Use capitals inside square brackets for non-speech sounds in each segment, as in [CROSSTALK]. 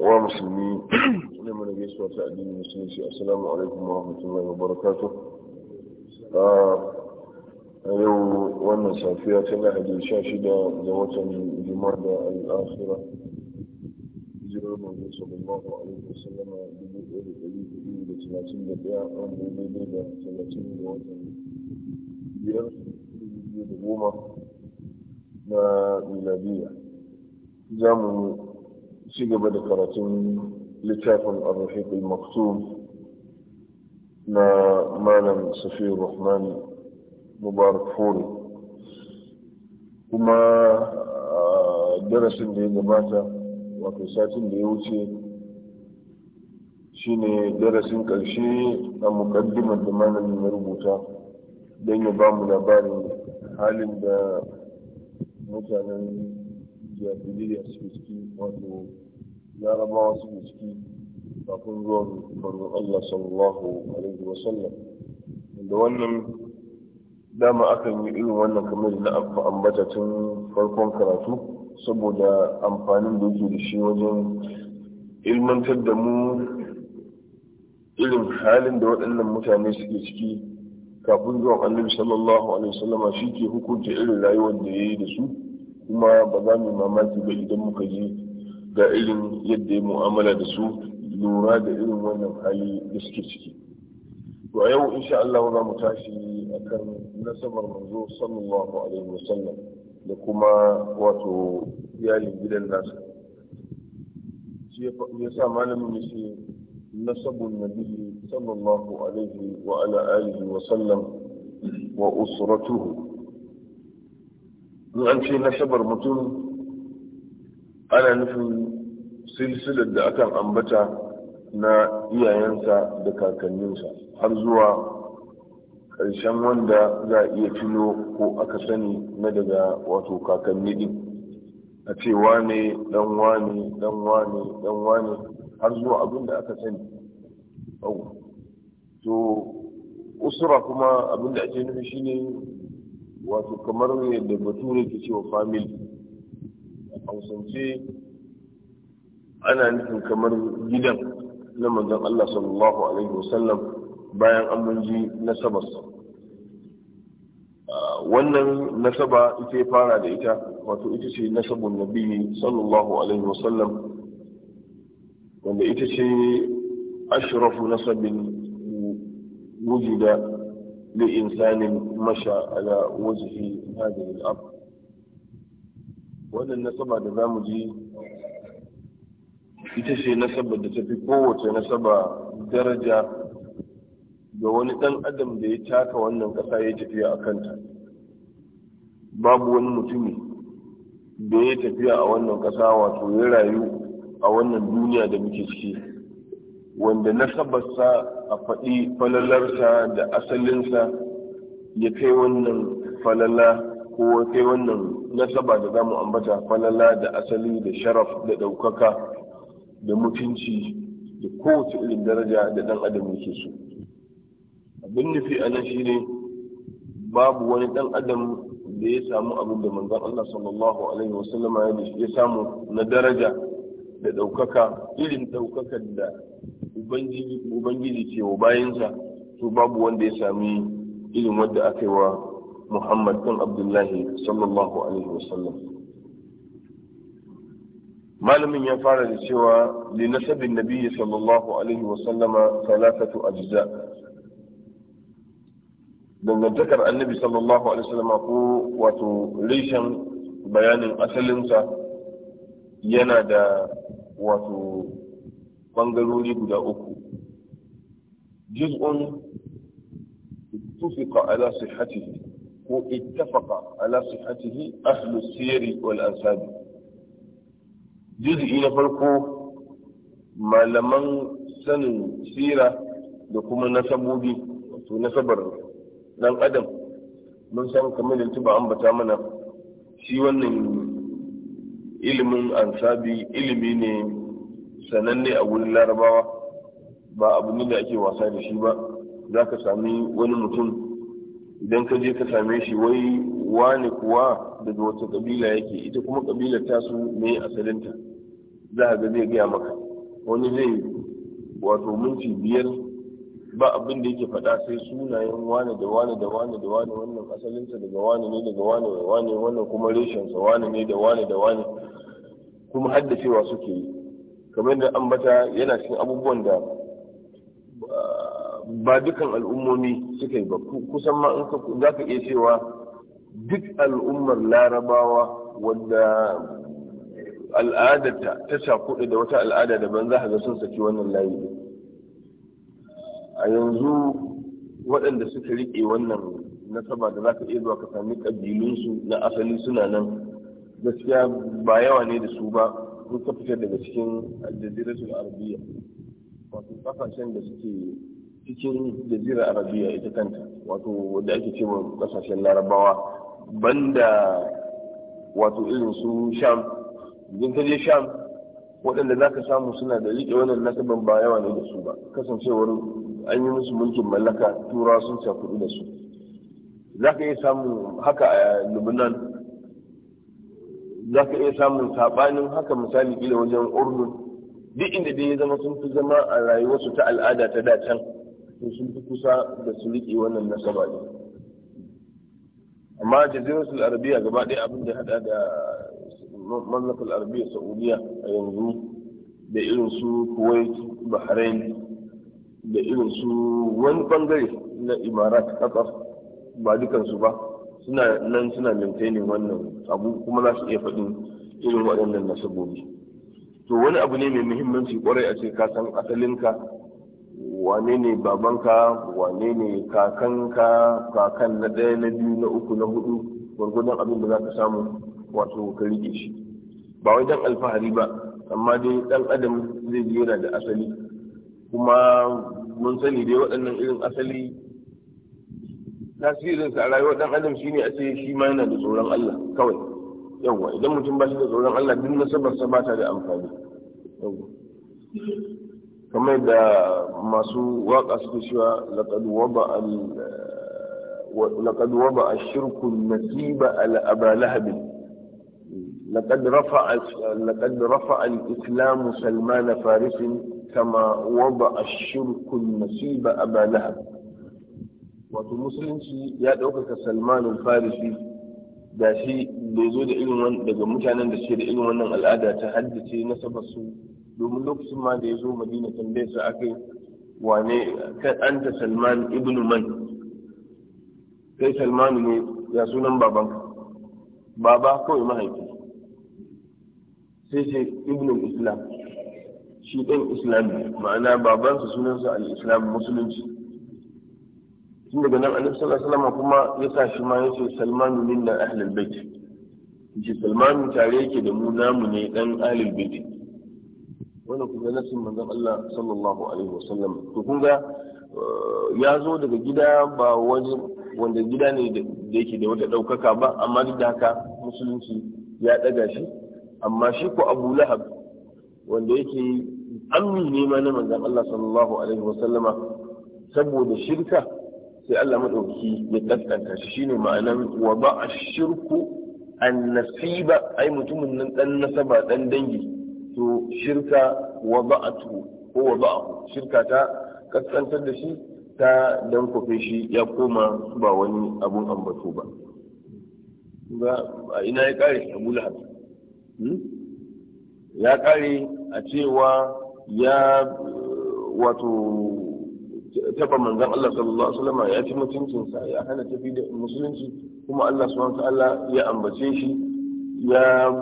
wa musulmi ne mana su ta addinin musulunci assalamu alaikum wa rahmatullahi wa barakatuh a yau wannan safiya ta lahadi sha shida ga watan juma'a da al'asira hijirar manzo sallallahu alaihi wa sallama dubu ɗaya da ɗari hudu da talatin da ɗaya an gobe da talatin da watan biyar dubu biyu da goma na miladiya za mu ci gaba da karatun littafin arrafiq al-maktum na malam safiyar rahman mubarak kuma darasin da ya gabata wato satin da ya wuce shine darasin ƙarshe a mukaddimar da malam ya rubuta don ya ba mu labarin halin da mutanen jahiliya suke ciki wato larabawa suke ciki kafin zuwan manzon Allah sallallahu alaihi wa sallam da wannan dama akan yi irin wannan kamar na ambata tun farkon karatu saboda amfanin da yake da shi wajen ilmantar da mu irin halin da waɗannan mutane suke ciki kafin zuwan annabi sallallahu alaihi wasallama shi ke hukunta irin rayuwar da ya yi da su kuma ba za mu mamaki ba idan muka ji ga irin yadda ya mu'amala da su lura da irin wannan hali da suke ciki to a yau insha Allah za mu tashi akan nasabar manzo sallallahu alaihi wasallam da kuma wato iyalin gidan nasa shi ya sa malamin yace nasabun nabi sallallahu alaihi wa ala alihi wa sallam wa usratuhu in an ce nasabar mutum ana nufin silsilar da akan ambata na iyayensa da kakanninsa har zuwa ƙarshen wanda za a iya tuno ko aka sani na daga wato kakanni din a ce wane dan wane dan wane dan wane har zuwa abin da aka sani to usura kuma abin da ake nufi shine wato kamar yadda bature ke cewa family a hausance ana nufin kamar gidan na manzon Allah sallallahu alaihi wasallam bayan an munji nasabar ah, wannan nasaba ita ya fara da ita wato ita ce nasabun nabi sallallahu alaihi wasallam wanda ita ce ashrafu nasabin wujida لإنسان مشى على وجه هذه الأرض wannan nasaba da za mu ji ita ce nasaba da ta fi kowace nasaba daraja ga wani ɗan adam da ya taka wannan ƙasa ya tafiya a kanta babu wani mutumi da ya tafiya a wannan ƙasa wato ya rayu a wannan duniya da muke ciki wanda nasabarsa a faɗi falalarsa da asalinsa ya kai wannan falala ko kai wannan nasaba da za mu ambata falala da asali da sharaf da ɗaukaka da mutunci da kowace irin daraja da ɗan adam yake so abin nufi a nan shine babu wani ɗan adam da ya samu abin da manzon Allah sallallahu alaihi wasallama ya samu na daraja da ɗaukaka irin ɗaukakan da ubangiji ce wa bayansa to babu wanda ya sami irin wanda aka yi wa muhammad kan abdullahi sallallahu alaihi wasallam malamin ya fara da cewa li nasabin nabiyyi sallallahu alaihi wasallama salatatu ajza dangantakar annabi sallallahu alaihi wasallama ko wato reshen bayanin asalinsa yana da wato ɓangarori guda uku juz'un ittifaqa ala sihhatihi ko ittafaqa ala sihhatihi ahlu siyari wal ansabi juz'i na farko malaman sanin sira da kuma nasabobi wato nasabar dan adam mun san kamar da an ambata mana shi wannan ilimin ansabi ilimi ne sananne a wurin larabawa ba abu ne da ake wasa da shi ba za ka sami wani mutum idan ka je ka same shi wai wani kuwa daga wata kabila yake ita kuma kabila ta su ne asalinta za a ga zai gaya maka wani zai wato minti biyar ba abin da yake faɗa sai sunayen wane da wane da wane da wane wannan asalinsa daga wane ne daga wane da wane wannan kuma reshensa wane ne da wane da wane kuma haddacewa suke yi kamar da ambata yana cikin abubuwan da ah, ba dukan al'ummomi suka yi ba kusan ma za ka iya cewa duk al'ummar larabawa wadda al'adarta ta shakuɗa da wata al'ada daban za ga sun saki wannan layi a yanzu waɗanda suka riƙe wannan nasaba da za ka iya zuwa ka sami ƙabilunsu na asali suna nan gaskiya ba yawa ne da su ba ko ka fitar daga cikin aljaziratul arabiya wato kasashen da suke cikin jazirar arabiya ita kanta wato da ake cewa kasashen larabawa banda wato irin su sham idan ka je sham waɗanda za ka samu suna da riƙe wannan nasaban ba yawa ne da su ba kasancewar an yi musu mulkin mallaka turawa sun cakudu da su za ka iya samu haka a lubnan za ka iya samun saɓanin haka misali kila wajen urdun duk inda dai ya zama sun fi zama a rayuwarsu ta al'ada ta da can to sun fi kusa da su riƙe wannan nasaba ne amma su arabiya gaba ɗaya abin da hada da mallakar arabiya saudiya a yanzu da irin su kuwait bahrain da irin su wani bangare na imarat qatar ba dukansu ba suna nan suna maintaining wannan abu kuma za su iya faɗin irin waɗannan nasabobi to wani abu ne mai muhimmanci kwarai a ce ka san asalinka wane ne babanka wane ne kakanka kakan na ɗaya na biyu na uku na hudu gwargwadon abin da za ka samu wato ka riƙe shi ba wai dan alfahari ba amma dai dan adam zai yana da asali kuma mun sani dai waɗannan irin asali tasirinsa a rayuwar dan adam shine a ce shi ma yana da tsoron Allah kawai yawwa idan mutum ba shi da tsoron Allah duk nasabarsa ba ta da amfani yawwa kamar da masu waka suke cewa laqad waba al laqad waba ash-shirku nasiba al abalahab laqad rafa'a laqad rafa'a al-islam salman faris kama waba ash-shirku nasiba abalahab wato musulunci ya ɗaukaka salmanin farisi da shi bai zo da irin daga mutanen da ke da irin wannan al'ada ta haddace nasabar su domin lokacin ma da ya zo madina tambayar a kai wane kan anta salman ibn man kai salman ne ya sunan baban baba kawai mahaifi sai ce ibn islam shi ɗan islam ma'ana babansa sunansa al-islam musulunci tun daga nan annabi sallallahu alaihi wasallam kuma ya sa shi ma yace salmanu minna ahlul bait yace salmanu tare yake da mu namu ne dan ahlul bait wannan kuma nasin manzon Allah sallallahu alaihi wasallam to kun ga eh, ya zo daga gida ba wani wanda gida ne da yake da wata daukaka ba amma duk da haka musulunci ya daga shi amma shi ko Abu Lahab wanda yake amni ne ma na manzon Allah sallallahu alaihi wasallama saboda shirka sai Allah madauki ya kaskanta shi shine ma'anan wa ba ashirku an nasiba ai mutumin nan dan nasaba dan dangi to shirka wa ba'atu ko wa shirka ta kaskantar da shi ta dan kofe shi ya koma ba wani abun ambato ba ba ina ya kare Abu Lahab hmm? ya kare a cewa ya wato Tafa manzan Allah sallallahu alaihi wasallam ya ci mutuncin sa ya hana tafi da musulunci kuma Allah subhanahu ta'ala ya ambace shi ya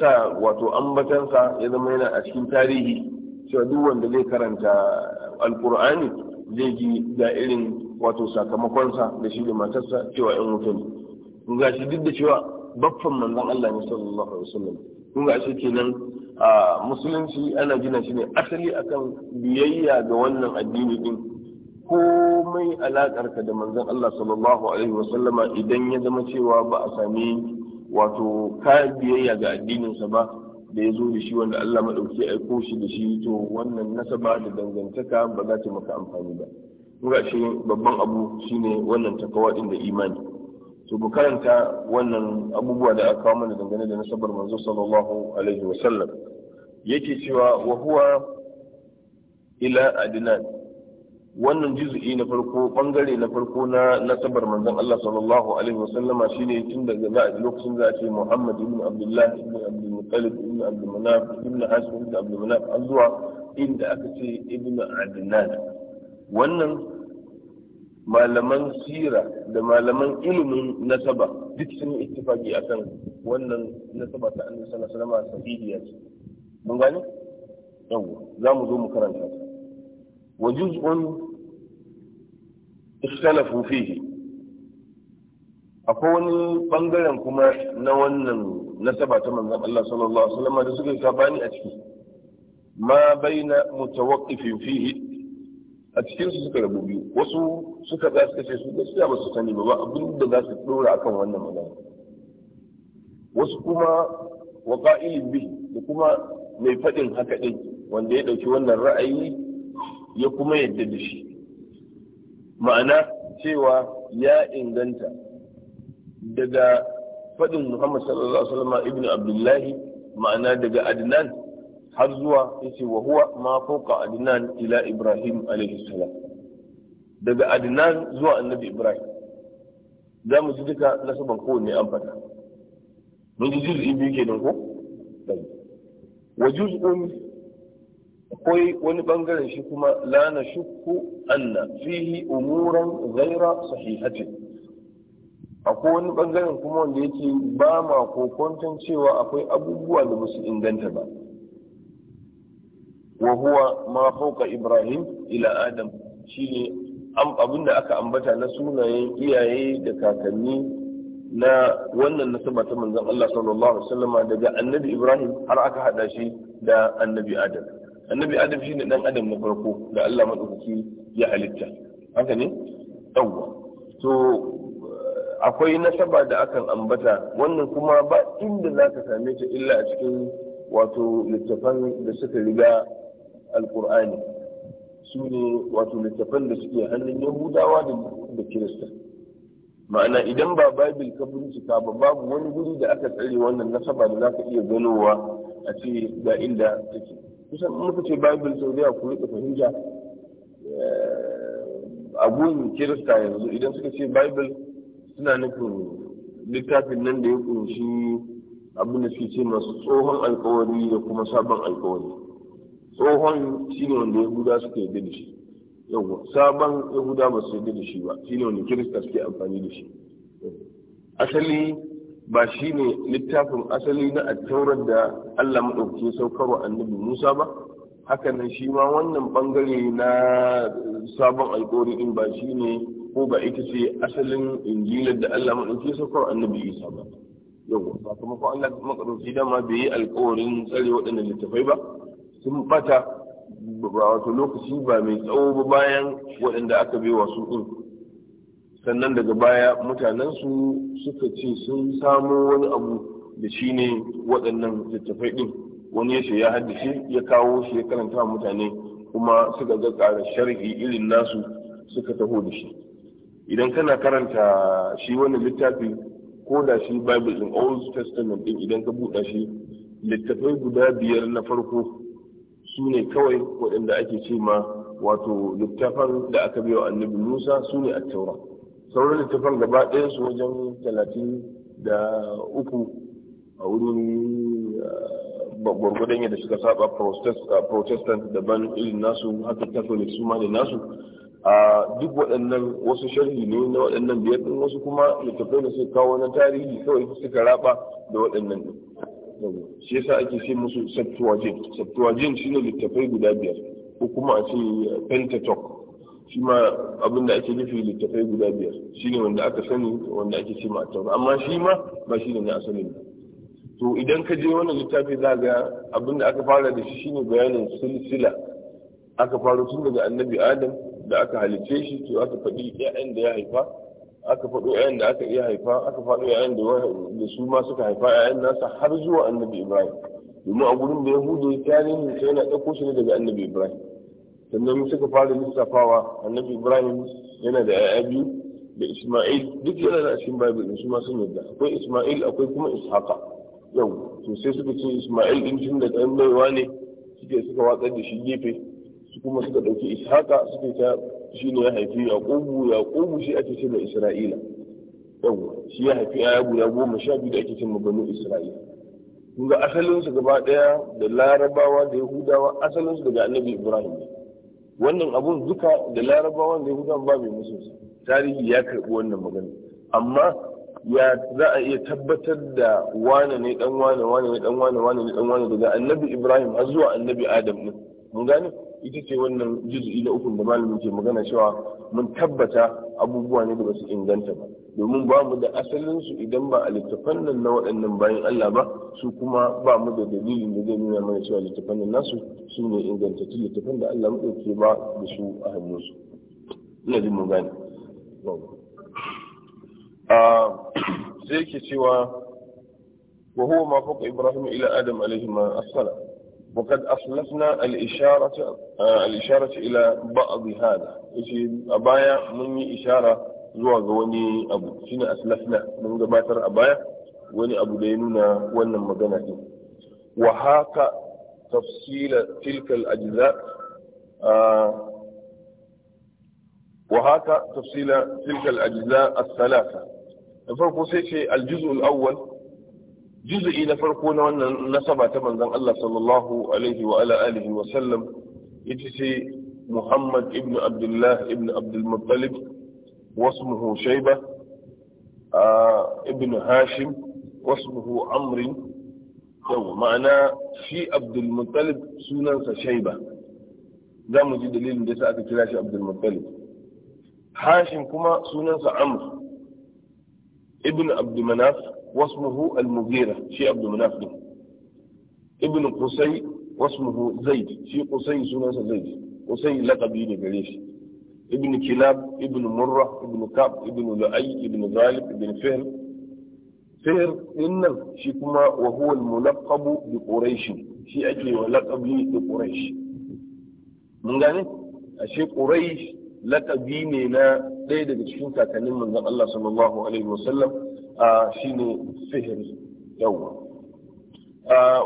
sa wato ambatansa ya zama yana a cikin tarihi cewa duk wanda zai karanta alqur'ani zai ji da irin wato sakamakonsa da shi da matarsa cewa yan wuta ne kun ga shi duk da cewa baffan manzan Allah ne sallallahu alaihi wasallam kun ga shi kenan a musulunci ana gina shi ne asali akan biyayya ga wannan addini din komai alaƙarka da manzon Allah sallallahu alaihi wasallama idan ya zama cewa ba a sami wato kayan biyayya ga addininsa ba da ya zo da shi wanda Allah maɗauki ya aiko shi da shi to wannan nasaba da dangantaka ba za ta maka amfani ba kuma shi babban abu shine wannan takawa din da imani to ku karanta wannan abubuwa da aka kawo mana dangane da nasabar manzo sallallahu alaihi wasallam yake cewa wa huwa ila adnan wannan juz'i na farko bangare na farko na nasabar manzon Allah sallallahu alaihi wasallama shine tun daga za lokacin za a ce Muhammad ibn Abdullah ibn Abdul Muttalib ibn Abdul Manaf ibn Hashim ibn Abdul Manaf har zuwa inda aka ce ibn Adnan wannan malaman sira da malaman ilimin nasaba duk sun yi ittifaqi akan wannan nasaba ta Annabi sallallahu alaihi wasallama sahihiya ce mun gane Yau, za mu zo mu karanta ta وجزء اختلفوا فيه akwai wani bangaren kuma na wannan nasaba ta manzon Allah sallallahu alaihi wasallam da suka sabani a cikin, ma baina mutawaqqifin fihi a cikin su suka rabu biyu wasu suka za su kace su gaskiya ba su sani ba abin da za su dora akan wannan magana wasu kuma waqa'ilin bihi da kuma mai fadin haka din wanda ya dauki wannan ra'ayi ya kuma yadda da shi ma'ana cewa ya inganta daga faɗin muhammad sallallahu alaihi wasallam ibn abdullahi ma'ana daga adnan har zuwa yace wa huwa ma fawqa adnan ila ibrahim alaihi salam daga adnan zuwa annabi ibrahim za mu ji duka nasaban kowanne an fata mun ji juz'i biyu kenan ko wa juz'un akwai wani bangaren shi kuma la na shukku anna fihi umuran ghaira sahihati akwai wani bangaren kuma wanda yake ba ma kokonton cewa akwai abubuwa da musu inganta ba wa huwa ma fauka ibrahim ila adam shine abin da aka ambata na sunayen iyaye da kakanni na wannan nasaba ta manzon Allah sallallahu alaihi wasallama daga annabi Ibrahim har aka hada shi da annabi Adam annabi adam shine dan adam na farko da Allah madaukaki ya halitta haka ne yawwa to akwai nasaba da akan ambata wannan kuma ba inda za same ta illa a cikin wato littafan da suka riga alkur'ani su ne wato littafan da suke hannun yahudawa da kirista ma'ana idan ba babil ka bincika ba babu wani guri da aka tsare wannan nasaba da za iya ganowa a ce ga inda take kusan muka ce bible saudiya ku rika fahimta eh, abun kirista yanzu idan suka ce bible suna nufin littafin nan da ya kunshi abin da suke ce masu tsohon alkawari da kuma sabon alkawari tsohon shine wanda yahuda suka yi da shi yawwa sabon yahuda ba su yi da shi ba shine wanda kirista suke amfani da shi asali ba shi ne littafin asali na attaurar da Allah maɗauki saukarwa annabi Musa ba hakanan shi ma wannan bangare na sabon alƙawari in ba shi ne ko ba ita ce asalin injilar da Allah maɗauki saukarwa annabi Isa ba yau sakamakon Allah maɗauki dama bai yi alƙawarin tsare waɗannan littafai ba sun bata wato lokaci ba mai tsawo ba bayan waɗanda aka bai wasu ɗin sannan daga baya mutanensu suka ce sun samo wani abu da shi ne waɗannan littattafai ɗin wani ya ce ya haddace ya kawo shi ya karanta mutane kuma suka ga ƙara sharhi irin nasu suka taho da shi idan kana karanta shi wani littafi ko da shi bible ɗin old testament ɗin idan ka buɗa shi littattafai guda biyar na farko su ne kawai waɗanda ake ce ma wato littafan da aka biya annabi musa su ne a taura sauran littafan gaba ɗaya su wajen talatin da uku a wurin eh, gwargwadon yadda suka saba protestant daban irin nasu haka catholic su ma da nasu a duk waɗannan wasu sharhi ne na waɗannan biyar ɗin wasu kuma littafai da suka kawo na tarihi kawai suka raba da waɗannan ɗin shi yasa ake ce musu septuagint septuagint shine littafai guda biyar ko kuma a ce eh, pentateuch shi ma abin da ake nufi littafai guda biyar shi ne wanda aka sani wanda ake ce ma amma shi ma ba shi ne na asalin ne to idan ka je wannan littafi za ga abin da aka fara da shi shi ne bayanin silsila aka faro tun daga annabi adam da aka halice shi to aka faɗi ƴaƴan da ya haifa aka faɗo ƴaƴan da aka iya haifa aka faɗo ƴaƴan da su ma suka haifa ƴaƴan nasa har zuwa annabi ibrahim domin a gurin da yahudu tarihin sai yana ɗauko shi ne daga annabi ibrahim sannan suka fara lissafawa annabi ibrahim yana da ya'ya biyu da isma'il duk yana da cikin bible su masu yadda akwai isma'il akwai kuma ishaqa yau to sai suka ce isma'il din tun da ɗan baiwa ne suke suka watsar da shi gefe su kuma suka ɗauki ishaqa suka ta shi ne ya haifi yaƙubu yaƙubu shi ake ce da isra'ila yau shi ya haifi ya guda goma sha biyu da ake ce maganin isra'ila kun ga asalinsu gaba ɗaya da larabawa da yahudawa asalinsu daga annabi ibrahim ne wannan abun duka da larabawan da yahudan ba mai musu tarihi ya karbi wannan magana amma ya za a iya tabbatar da wane ne dan wane wane ne dan wane wane ne dan wane daga annabi ibrahim har zuwa annabi adam ne mun gane ita ce wannan juzu'i na ukun da malamin ke magana cewa mun tabbata abubuwa ne da basu inganta ba domin ba mu da asalinsu idan ba a littafan nan na waɗannan bayan Allah ba su kuma ba mu da dalilin da zai nuna mana cewa littafan nan nasu su ne ingantattu littafan da Allah maɗauke ba da su a hannunsu ina jin mun gane sai ke cewa wa huwa ma faqa ibrahim ila adam alaihi ma asala وقد أصلفنا الإشارة الإشارة إلى بعض a baya mun yi إشارة zuwa ga wani abu shine aslafna mun gabatar a baya wani abu da ya nuna wannan magana din wa haka tafsila tilka al-ajza وهذا تفصيل تلك الأجزاء الثلاثة الفرق سيكي الجزء الأول جزء نفرقون وأن نسبة من ذن الله صلى الله عليه وعلى آله وسلم يتسي محمد ابن عبد الله ابن عبد المطلب واسمه شيبة آه، ابن هاشم واسمه عمر طيب، معنى في عبد المطلب سنن شيبة ده مجي دليل ده ساعه كلاش عبد المطلب هاشم كما سنن عمر ابن عبد مناف واسمه المغيرة شي عبد مناف ده. ابن قصي واسمه زيد شي قصي سنن زيد قصي لقب يدي ibn kilab ibn murra ibn kab ibn lu'ay ibn ghalib ibn fihr fihr dinnan shi kuma wa huwa al-mulaqab shi ake wa laqabi da quraish mun gane ashe quraish laqabi ne na ɗaya daga cikin kakannin manzon Allah sallallahu alaihi wasallam shine fihr yawa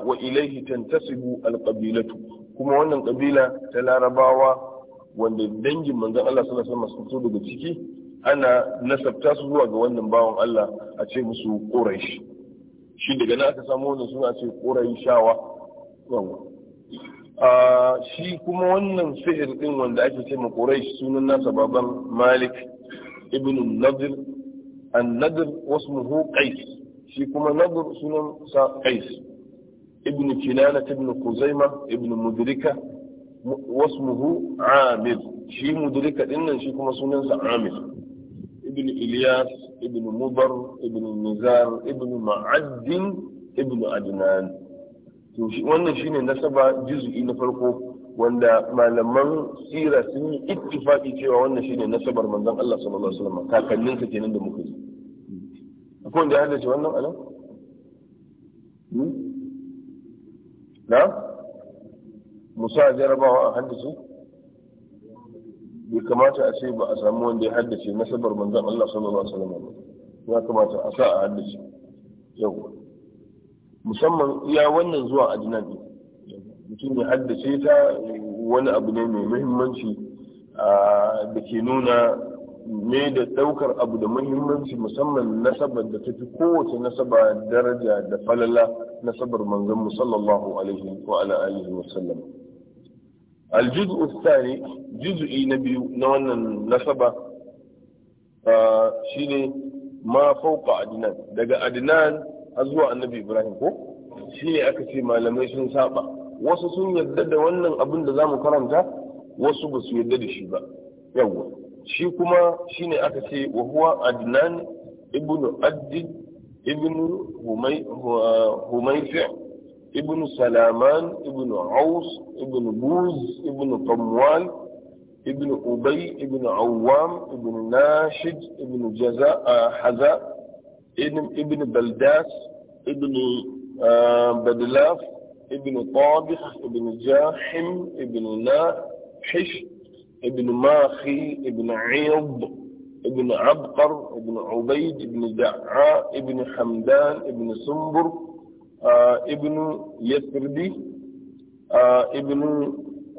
wa ilaihi tantasibu al-qabilatu kuma wannan kabila ta larabawa wanda dangin manzon Allah sallallahu alaihi wasallam fito daga ciki ana nasabta su zuwa ga wannan bawan Allah a ce musu ƙorashi. shi daga nan aka samu wannan suna ce Quraishawa yawa shi kuma wannan fi'il din wanda ake ce ma ƙorashi sunan nasa baban Malik ibn Nadir an-Nadir wasmuhu Qais shi kuma Nadir sunan sa Qais ibn Kinana ibn Kuzaima ibn Mudrika واسمه amir shi مدرك dinnan shi kuma sunansa amir ابن ilyas ابن مضر ابن nizar ابن معد ابن adnan to shi wannan shine nasaba juz'i na farko wanda malaman sira sun yi ittifaqi cewa wannan shine nasabar manzon Allah sallallahu alaihi wasallam kakanninsa da muka ji akwai wanda ya wannan musa a jarabawa a haddace bai kamata a ce ba a samu wanda ya haddace nasabar manzon Allah sallallahu alaihi wasallam ya kamata a sa a haddace yau musamman iya wannan zuwa adinan din mutum ya haddace ta wani abu ne mai muhimmanci da ke nuna ne da daukar abu da muhimmanci musamman nasabar da ta fi kowace nasaba daraja da falala nasabar manzon mu sallallahu alaihi wa alihi wa sallam الجزء الثاني جزء نبي نوانا نسبة شيني ما فوق عدنان adinan عدنان أزوى النبي إبراهيم هو shine aka ce malamai sun saba wasu sun yarda da wannan abin da zamu karanta wasu ba su yarda da shi ba yawwa shi kuma shine aka ce wa adinan adnan ibnu adid ibnu ah, humayfi ابن سلامان ابن عوص ابن بوز ابن طموال ابن أبي ابن عوام ابن ناشد ابن جزاء آه، حذاء ابن ابن بلداس ابن آه، بدلاف ابن طابخ ابن جاحم ابن ناحش ابن ماخي ابن عيض ابن عبقر ابن عبيد ابن دعاء ابن حمدان ابن سنبر آه، ابن يثربي آه، ابن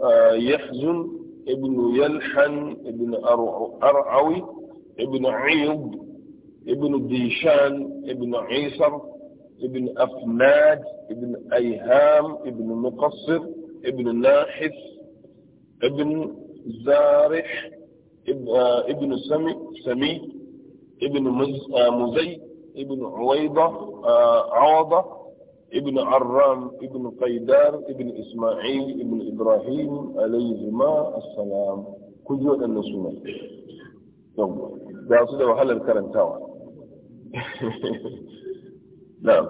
آه، يحزن ابن يلحن ابن أرعوي ابن عيض ابن ديشان ابن عيسر ابن أفناد ابن أيهام ابن مقصر ابن ناحس ابن زارح ابن سمي, سمي ابن مزي ابن عويضة عوضة ابن عرام ابن قيدار ابن إسماعيل ابن إبراهيم عليهما السلام كل يوم أن سنة يوم ده أصدق وحل الكرم تاوى نعم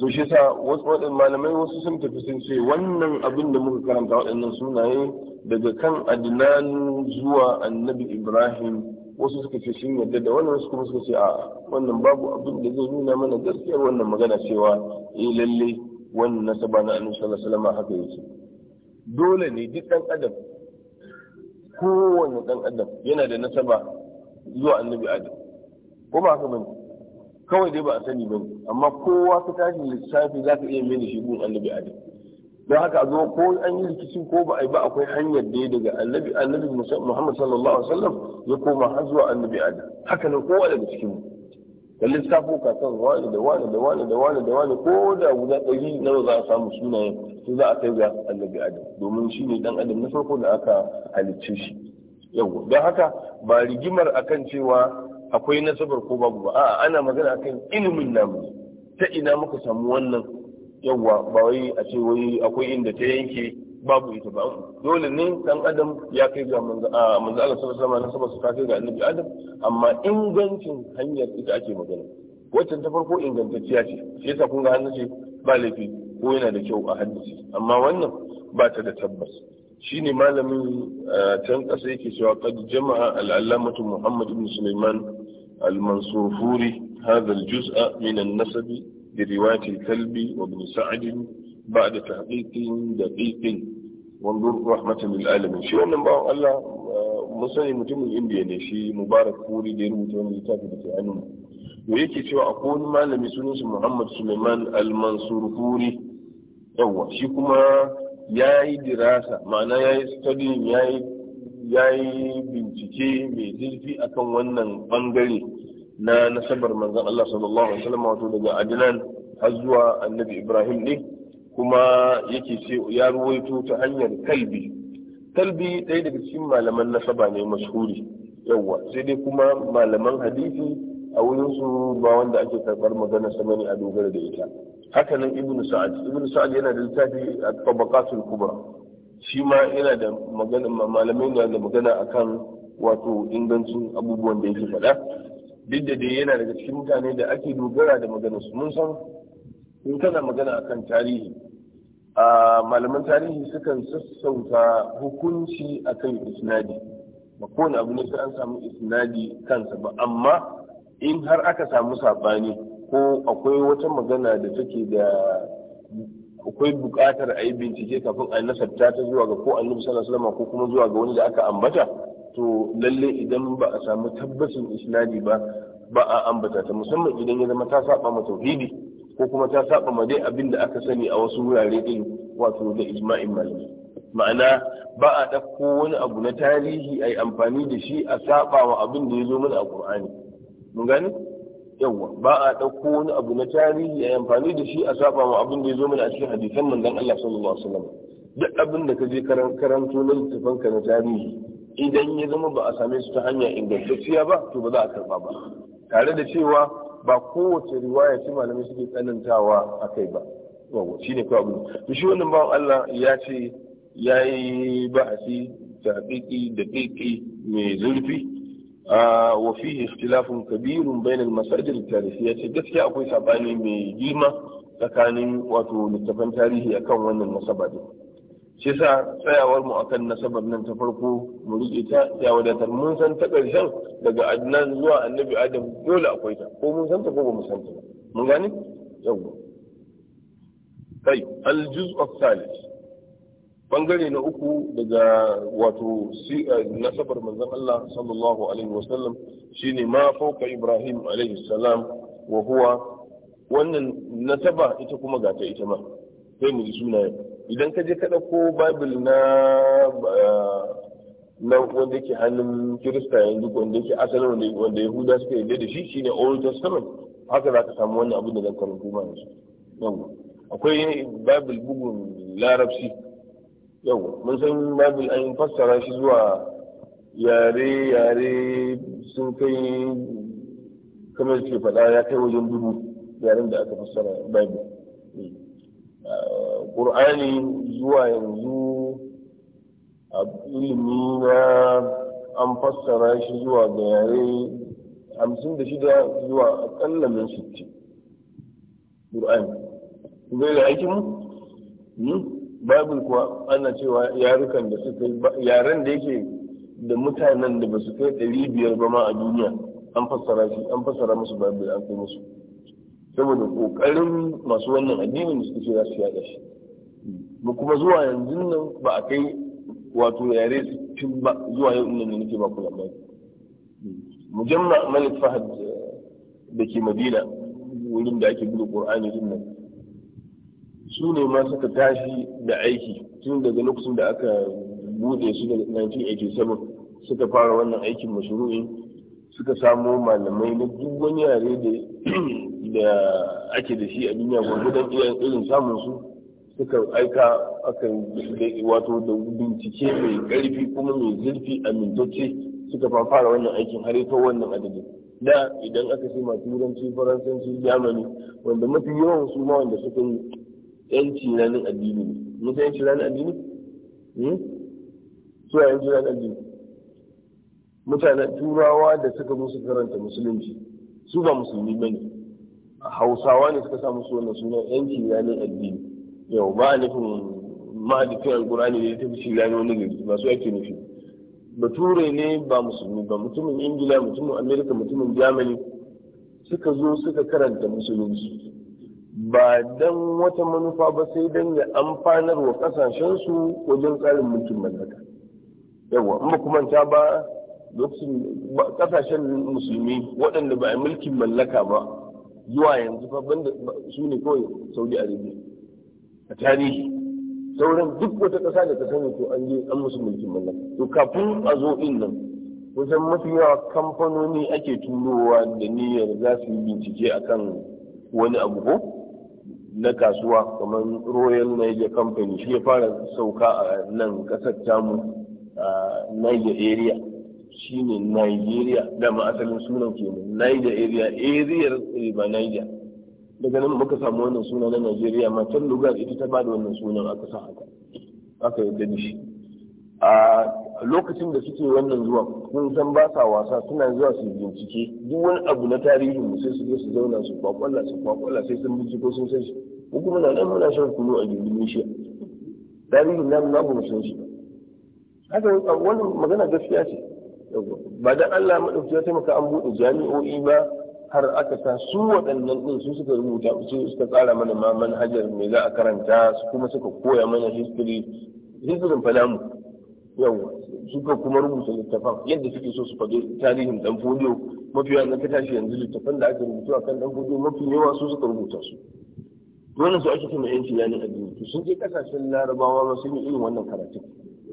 to shi sa wasu waɗin malamai wasu sun tafi sun ce wannan abin da muka karanta waɗannan sunaye daga kan adnan zuwa annabi ibrahim wasu suka ce sun yarda da wannan wasu kuma suka ce a wannan babu abin da zai nuna mana gaskiyar wannan magana cewa eh lalle wannan nasaba na annabi sallallahu alaihi wasallam haka yake dole ne duk dan adam kowanne dan adam yana da nasaba zuwa annabi adam ko ba haka bane kawai dai ba a sani bane amma kowa ka tashi lissafi za ka iya mini shi gun annabi adam don haka a zo ko an yi rikici ko ba a yi ba akwai hanyar da daga annabi annabi Muhammad sallallahu alaihi wasallam ya koma har zuwa annabi Adam haka nan kowa daga cikin mu da lissafo kakan wani da wani da wani da wani da wani ko da guda ɗari nawa za a samu sunaye to za a kai ga annabi Adam domin shi ne dan Adam na farko da aka halicce shi yau don haka ba rigimar akan cewa akwai nasabar ko babu ba a'a ana magana akan ilimin namu ta ina muka samu wannan yawwa ba wai a ce wai akwai inda ta yanke babu ita ba dole ne dan adam ya kai ga manzo Allah sallallahu alaihi wasallam ta kai ga annabi adam amma ingancin hanyar ita ake magana wacce ta farko ingantacciya ce shi yasa kun ga hannu ce ba laifi ko yana da kyau a hadisi amma wannan ba ta da tabbas shine malamin can kasa yake cewa qad jama'a al-allamatu Muhammad ibn Sulaiman al-Mansur Furi hadha al-juz'a min an برواية الكلب وابن سعد بعد تحقيق دقيق wanzur rahmatan lil alamin shi wannan bawan Allah mun sani mutumin indiya ne shi mubarak kuri da ya rubuta wani da ke hannu to yake cewa akwai wani malami sunan shi Muhammad Suleiman Al-Mansur Kuri yawa shi kuma yayi dirasa ma'ana yayi study yayi bincike mai zurfi akan wannan bangare na nasabar manzan Allah sallallahu alaihi wasallam wato daga Adnan har zuwa Annabi Ibrahim ne kuma yake ce ya ruwaito ta hanyar kalbi kalbi ɗaya daga cikin malaman nasaba ne mashhuri yawa sai dai kuma malaman hadisi a wurinsu su ba wanda ake karɓar magana sama ne a dogara da ita haka nan ibn sa'ad ibn sa'ad yana da littafi a tabaqatul kubra shi ma yana da magana malamai na da magana akan wato ingancin abubuwan da yake faɗa duk da dai yana daga cikin mutane da ake dogara da su mun san in kana magana akan tarihi a malaman tarihi sukan sassauta hukunci akan isnadi ba kowane abu ne sai an samu isnadi kansa ba amma in har aka samu sabani ko akwai wata magana da take da akwai buƙatar a yi bincike kafin a nasarta ta zuwa ga ko annabi sallallahu alaihi wasallam ko kuma zuwa ga wani da aka ambata to lalle idan ba a samu tabbacin isnadi ba ba a ambata ta musamman idan ya zama ta saba ma tauhidi ko kuma ta saba ma dai abin da aka sani a wasu wurare din wato da ijma'in malami ma'ana ba a ɗauko wani abu na tarihi a yi amfani da shi a saba wa abin da ya zo mana a ƙur'ani mun gane yawwa ba a ɗauko wani abu na tarihi a yi amfani da shi a saba wa abin da ya zo mana a cikin hadisan manzon Allah sallallahu alaihi wasallam duk abin da ka je karanto na littafin ka na tarihi idan ya zama ba a same su ta hanya ingantacciya ba to ba za a karba ba tare da cewa ba kowace riwaya ce malamai suke tsanantawa a kai ba wawo shi ne kawai to shi wannan bawan Allah ya ce ya yi ba'asi taqiqi da qiqi mai zurfi A fihi ikhtilafun kabirun bainal masajid tarihi, tarihiyya ce gaskiya akwai sabani mai girma tsakanin wato littafan tarihi akan wannan nasaba din shi sa tsayawar mu akan nasabar nan ta farko mu rike ta ya wadatar mun san ta karshen daga adnan zuwa annabi adam dole akwai ta ko mun san ta ko ba mu san ta mun gane yawwa kai aljuz of salis bangare na uku daga wato eh, nasabar manzon Allah sallallahu alaihi wasallam shine ma fauka ibrahim alaihi salam wa huwa wannan nasaba ita kuma gata ita ma sai mu ji sunayen idan ka je ka ɗauko bible na na wanda yake hannun kirista yanzu wanda yake asalin wanda yahuda suka yarda da shi shine old testament haka za ka samu wannan abin da zan karanta ma yanzu yawa akwai bible bugun larabci yawa mun san bible an fassara shi zuwa yare yare sun kai kamar ke faɗa ya kai wajen dubu yaren da aka fassara bible eh, ƙur'ani zuwa yanzu a ilimi na an fassara shi zuwa ga yare hamsin da shida zuwa akalla min sitti ƙur'ani zai da aikinmu hmm? babu kuwa ana cewa yarukan da suka yaren da yake da mutanen da ba su kai ɗari biyar ba ma a duniya an fassara shi an fassara musu babu an kai musu saboda ƙoƙarin masu wannan addinin da suke za su yaɗa shi ba kuma zuwa yanzu nan ba a kai wato yare tun ba zuwa yau inda ne nake ba ku labari mujamma malik fahad eh, da ke madina wurin da ake gudu qur'ani din nan su ne ma suka tashi da aiki tun daga lokacin da aka bude su daga 1987 suka fara wannan aikin mashru'i suka samo malamai na duk wani yare da ake da shi a duniya gwargwadon irin samun su suka aika aka wato da bincike mai karfi kuma mai zurfi mintoci suka fara wannan aikin har ya wannan adadin da idan aka ce masu turanci faransanci jamani wanda mafi yawan su ma wanda suka yi yanci ranar addini ne mun yanci ranar addini hmm? su a yanci ranar addini mutanen turawa da suka musu karanta musulunci su ba musulmi bane hausawa ne suka sa musu wannan suna yanci ranar addini yau ba a nufin ma'adikin alkurani ne ta fi gane wani gari masu ake nufi bature ne ba musulmi ba mutumin ingila mutumin amerika mutumin germany suka zo suka karanta musulunci ba dan wata manufa ba sai dan ya amfanar wa kasashensu wajen tsarin mulkin mallaka yawa in ba kuma ta ba kasashen musulmi waɗanda ba a mulkin mallaka ba zuwa yanzu fa su ne kawai saudi arabia a tarihi sauran duk wata ƙasa da ta sani to an je an musu mulkin mallaka to kafin a zo in nan kusan mafi yawa kamfanoni ake turowa da niyyar za su yi bincike akan wani abu ko na kasuwa kamar royal niger company shi ya fara sauka a nan ƙasar tamu a niger area shine nigeria dama asalin sunan kenan niger area area eh, ba niger daga nan muka samu wannan suna na Najeriya ma can lugar ita ta bada wannan sunan aka sa haka aka yadda da shi a lokacin da suke wannan zuwa kun san ba sa wasa suna zuwa su bincike duk wani abu na tarihi mu sai su je su zauna su kwakwalla su kwakwalla sai sun binciko sun san shi ko kuma na nan muna shan kunu a gindin shi tarihin nan na mu san shi haka wannan magana gaskiya ce ba dan Allah madaukaki ya taimaka an bude jami'o'i ba har aka san su waɗannan ɗin su suka rubuta su suka tsara mana ma manhajar me za a karanta su kuma suka koya mana history history fa namu Yau, suka kuma rubuta littafan yadda suke so su faɗi tarihin dan fodiyo mafi yawan ka tashi yanzu littafan da aka rubuta kan dan fodiyo mafi yawa su suka rubuta su Dole su ake kuma yanci yanin addini to sun je kasashen larabawa ma sun yi irin wannan karatu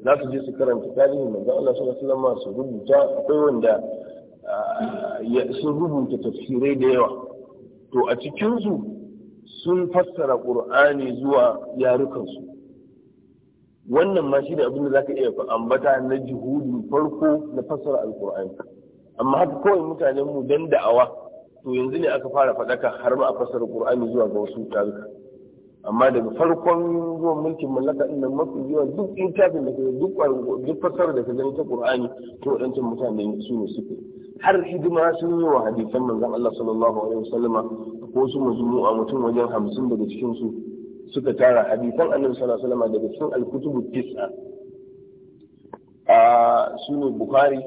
za su je su karanta tarihin manzon Allah sallallahu alaihi wasallam su rubuta akwai wanda sun rubuta tafsirai da yawa to a cikinsu sun fassara ƙur'ani zuwa yarukansu wannan ma shi da abin da za ka iya ambata na jihudin farko na fassara alƙur'ani amma haka kawai mutanenmu don da'awa to yanzu ne aka fara faɗaka har ma a fassara ƙur'ani zuwa ga wasu taruka amma daga farkon zuwan mulkin mallaka ina mafi yawa duk littafin da ke duk fassara da ka gani ta ƙur'ani to waɗancan mutane su ne suke har hidima sun yi wa hadisan manzon Allah sallallahu alaihi wasallama ko su majmu'a mutum wajen hamsin daga cikin su suka tara hadisan annabi sallallahu alaihi wasallama daga cikin al-kutubu tis'a a sune bukhari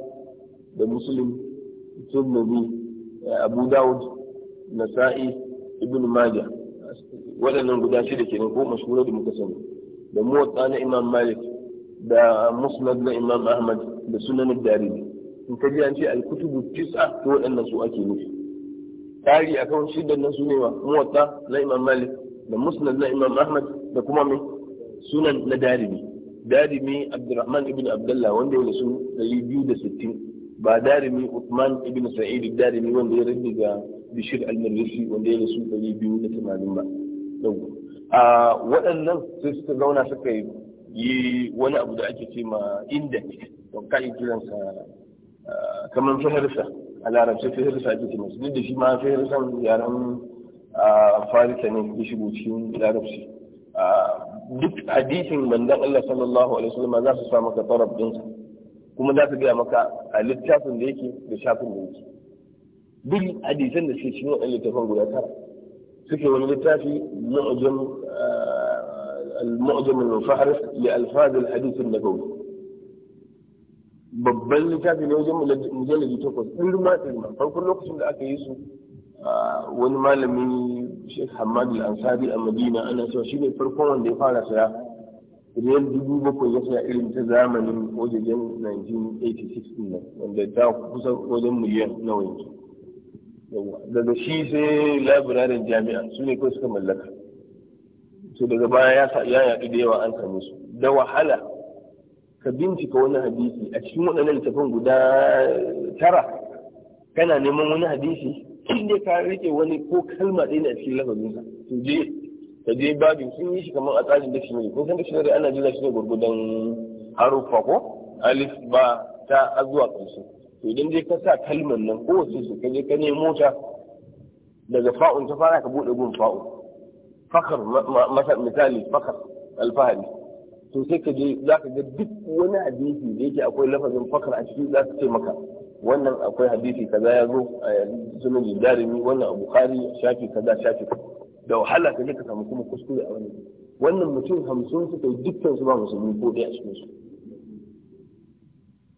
da muslim tirmidhi abu dawud nasa'i ibn majah waɗannan guda shida kenan ko mashhurai da muka sani da muwatta na imam malik da musnad na imam ahmad da sunan darimi in ta ji an ce alkutubu tis'a to waɗannan su ake nufi tari a akan shiddan nan su ne wa muwatta na imam malik da musnad na imam ahmad da kuma mai sunan na darimi darimi abdurrahman ibn abdullah wanda ya rasu sittin, ba darimi uthman ibn sa'id darimi wanda ya rasu ga bishir al-marisi wanda ya rasu 280 ba a waɗannan sai suka zauna suka yi wani abu da ake ce ma inda kan kiransa kamar fahirsa a larabci fahirsa ake kuma duk da shi ma fahirsan yaren farisa ne ya shigo cikin larabci duk hadisin mandan Allah sallallahu alaihi wasallam za su sa maka tarab dinsa kuma za su gaya maka a littafin da yake da shafin da yake duk hadisan da suke cikin wannan littafin guda tara suke wani littafi mu'jam al-mu'jam al-faharis li alfaz al-hadith an-nabawi babban littafi ne wajen mujalladi takwas tsirma tsirma farkon lokacin da aka yi su wani malami Sheikh Hamad Al-Ansari a Madina ana cewa shi ne farkon wanda ya fara saya riyal dubu bakwai ya saya irin ta zamanin wajen 1986 ɗin nan wanda ta kusa wajen miliyan na yanzu daga shi sai labirarin jami'a su ne kawai suka mallaka So daga baya ya yaɗu da yawa an same su da wahala ka bincika wani hadisi a cikin waɗannan littafin guda tara kana neman wani hadisi in dai ka rike wani ko kalma ɗaya ne a cikin lafazinsa to je ka je babin sun yi shi kamar a tsarin shi da dictionary kun san shi da dictionary ana jira shi ne gurgudan harufa ko alif ba ta azuwa ƙarshe to idan dai ka sa kalman nan kowace su ka je ka nemo ta daga fa'un ta fara ka buɗe gun fa'un fakar misali fakar alfahari to sai ka je za ka ga duk wani hadisi da yake akwai lafazin fakar a ciki za su ce maka wannan akwai hadisi kaza ya zo a sunan jarumi wannan a bukhari shafi kaza shafi da wahala ka je ka samu kuma kuskure a wani wannan mutum hamsin suka yi dukkan su ba musulmi ko ɗaya a cikin su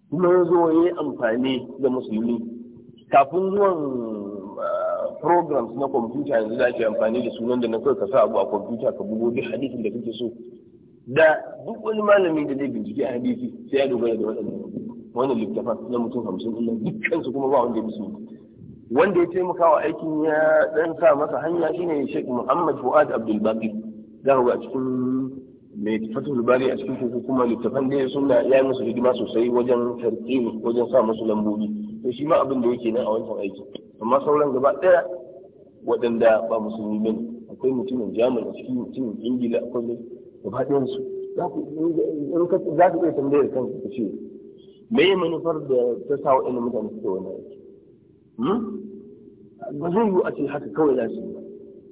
kuma ya zo ya yi amfani da musulmi kafin zuwan ah, programs na kwamfuta yanzu za ka yi amfani da sunan da na kawai ka sa abu a kwamfuta ka bugo duk hadisin da kake so da duk wani malami da zai bincike a hadisi sai ya dogara da waɗannan wannan littafan na mutum hamsin ɗin dukkan su kuma ba wanda ya bisu wanda ya taimaka wa aikin ya ɗan sa masa hanya shi ne Sheikh Muhammad Fuad Abdul Baqi za ku ga cikin mai fatul bari a cikin kuku kuma littafan da ya suna ya yi musu hidima sosai wajen tarƙini wajen sa musu lambobi to shi ma abin da yake nan a wancan aiki amma sauran gaba ɗaya waɗanda ba musulmi bane akwai mutumin jamus a cikin mutumin ingila akwai gaba ɗayansu za ku iya tambayar kanku ku ce me manufar da ta sa waɗannan mutane suke wani aiki hmm? ba zai yiwu a ce haka kawai za su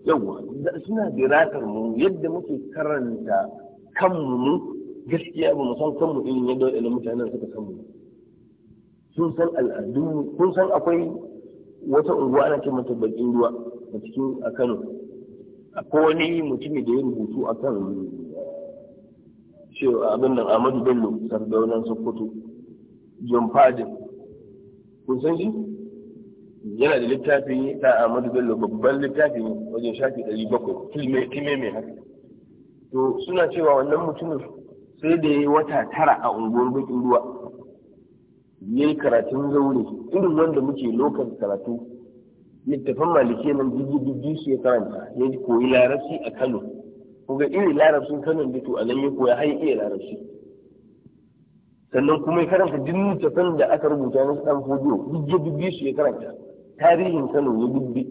yi suna biratar mu yadda muke karanta kanmu mu gaskiya ba mu san kanmu irin yadda waɗanda mutanen suka san mu sun san al'adun kun san akwai wata unguwa ana ce mata bakin ruwa a cikin a Kano akwai wani mutumi da ya rubutu akan kan cewa abin nan Ahmadu Bello sardaunan Sokoto John Fadin kun san shi yana da littafi ta Ahmadu Bello babban littafi ne wajen shafi ɗari bakwai filme kime mai haka to suna cewa wannan mutumin sai da ya yi wata tara a unguwar bakin ruwa ya yi karatun zaure irin wanda muke lokal karatu littafan maliki nan jirgin jirgi su ya karanta ya koyi larabci a Kano kuga iri larabcin sanin bito a nan ya koya har iya larabci sannan kuma ya karanta duk san da aka rubuta na san fudiyo duk ya shi ya karanta tarihin sanin ya dubbi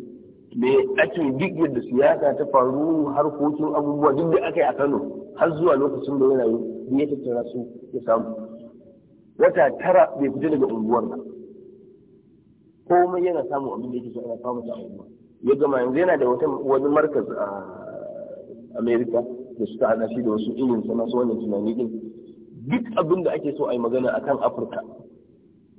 me ake duk yadda siyasa ta faru harkokin abubuwa duk da aka yi a kano har zuwa lokacin da yana yi ya tattara su ya samu wata tara bai fita daga unguwar ba komai yana samu abin da yake so ana samu ta unguwa ya gama yanzu yana da wata wani markaz a amerika da suka hada shi da wasu ilin sana su wannan tunani din duk abin da ake so a yi magana akan afirka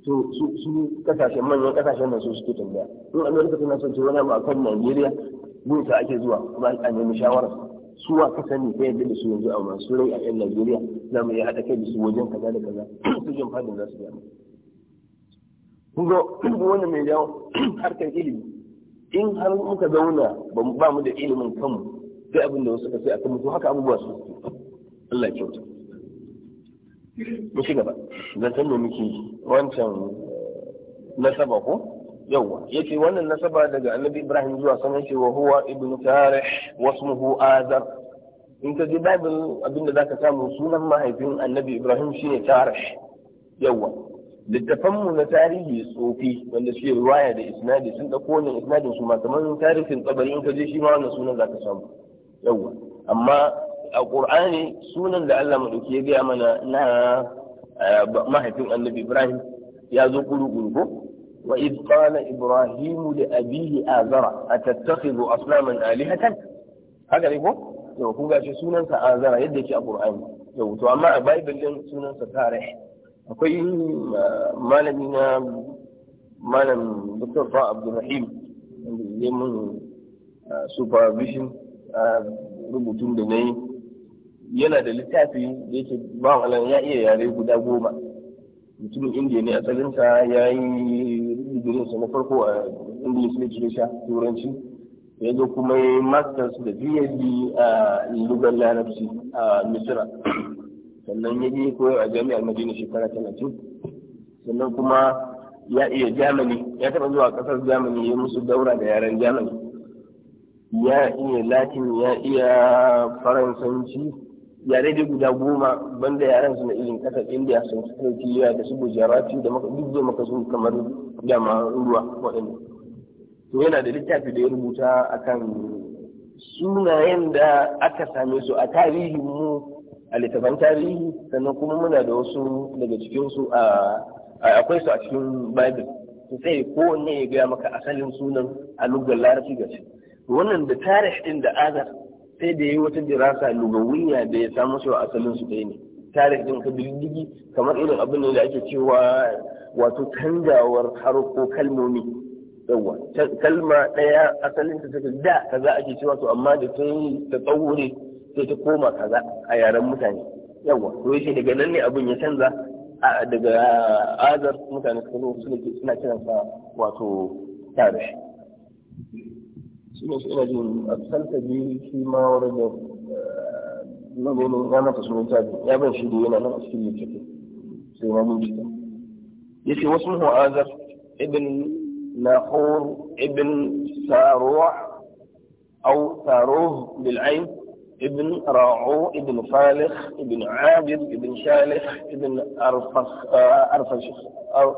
to su su kasashen manyan kasashen nan su suke tambaya in amerika tana son cewa wani abu akan najeriya ta ake zuwa kuma a nemi shawarar su wa ka sani sai yadda da su yanzu a masu rai a yan Najeriya za mu iya haɗa kai da su wajen kaza da kaza su jin fadin za su gano. Kun ga wannan mai jawo harkar ilimi in har muka zauna ba mu da ilimin kanmu duk abin da wasu kasai a akan mutu haka abubuwa su Allah ya kyauta mu ci gaba san da muke wancan eh, nasaba ko yawwa yace wannan nasaba daga annabi ibrahim zuwa sama yace wa huwa ibn tarih wasmuhu azar in ka ji babin abinda zaka samu sunan mahaifin annabi ibrahim shine tarih yawwa littafanmu na tarihi tsofi wanda shi ruwaya da isnadi sun ɗauko wannan isnadin su ma kamar tarihin tsabari in ka je shi ma wannan sunan zaka samu yawa amma a qur'ani sunan da Allah madauki ya gaya mana na mahaifin annabi ibrahim ya zo kuru ko wa id qala ibrahim li abihi azara atattakhidhu aslaman alihatan haka ne ko to kun ga shi sunan sa azara yadda yake a qur'ani to amma a bible din sunan sa tarih akwai malami na malam dr fa abdurrahim wanda ya mun supervision rubutun da na yi yana da littafi da yake ba malam ya iya yare guda goma mutumin indiya ne asalinsa ya yi rubutunsa na farko a english literature turanci ya zo kuma ya yi masters da phd a lugar larabci a misira sannan ya je koyo a jami'ar madina shekara talatin sannan kuma ya iya jamani ya taɓa zuwa ƙasar jamani ya musu daura da yaren jamani ya iya latin ya iya faransanci ya dai guda goma banda yaran su na irin kasar india sun su yawa da su gujarati da maka duk zai maka sun kamar dama ruwa waɗanda to yana da littafi da ya rubuta akan sunayen da aka same su a tarihin mu a littafan tarihi sannan kuma muna da wasu daga cikinsu a akwai su a cikin bible sai kowanne ya gaya maka asalin sunan a lugar larabci gashi wannan da tarih din da azar sai da yi wata dirasa lugawiyya da ya samu cewa asalin su ne tarih din ka bilgigi kamar irin abin da ake cewa wato canjawar harko kalmomi yawa kalma daya asalin ta take da kaza ake cewa to amma da ta yi ta tsawure sai ta koma kaza a yaren mutane yawa to yace daga nan ne abin ya canza daga azar mutane suka zo suna kiransa wato tarihi رجل أدخلت فيما ورد آه، أنا تابع يا بن أنا يسي واسمه ابن ناخور ابن ساروع أو ساروه بالعين ابن راعو ابن فالخ ابن عابد ابن شالخ ابن أرفخ آه، أرفخ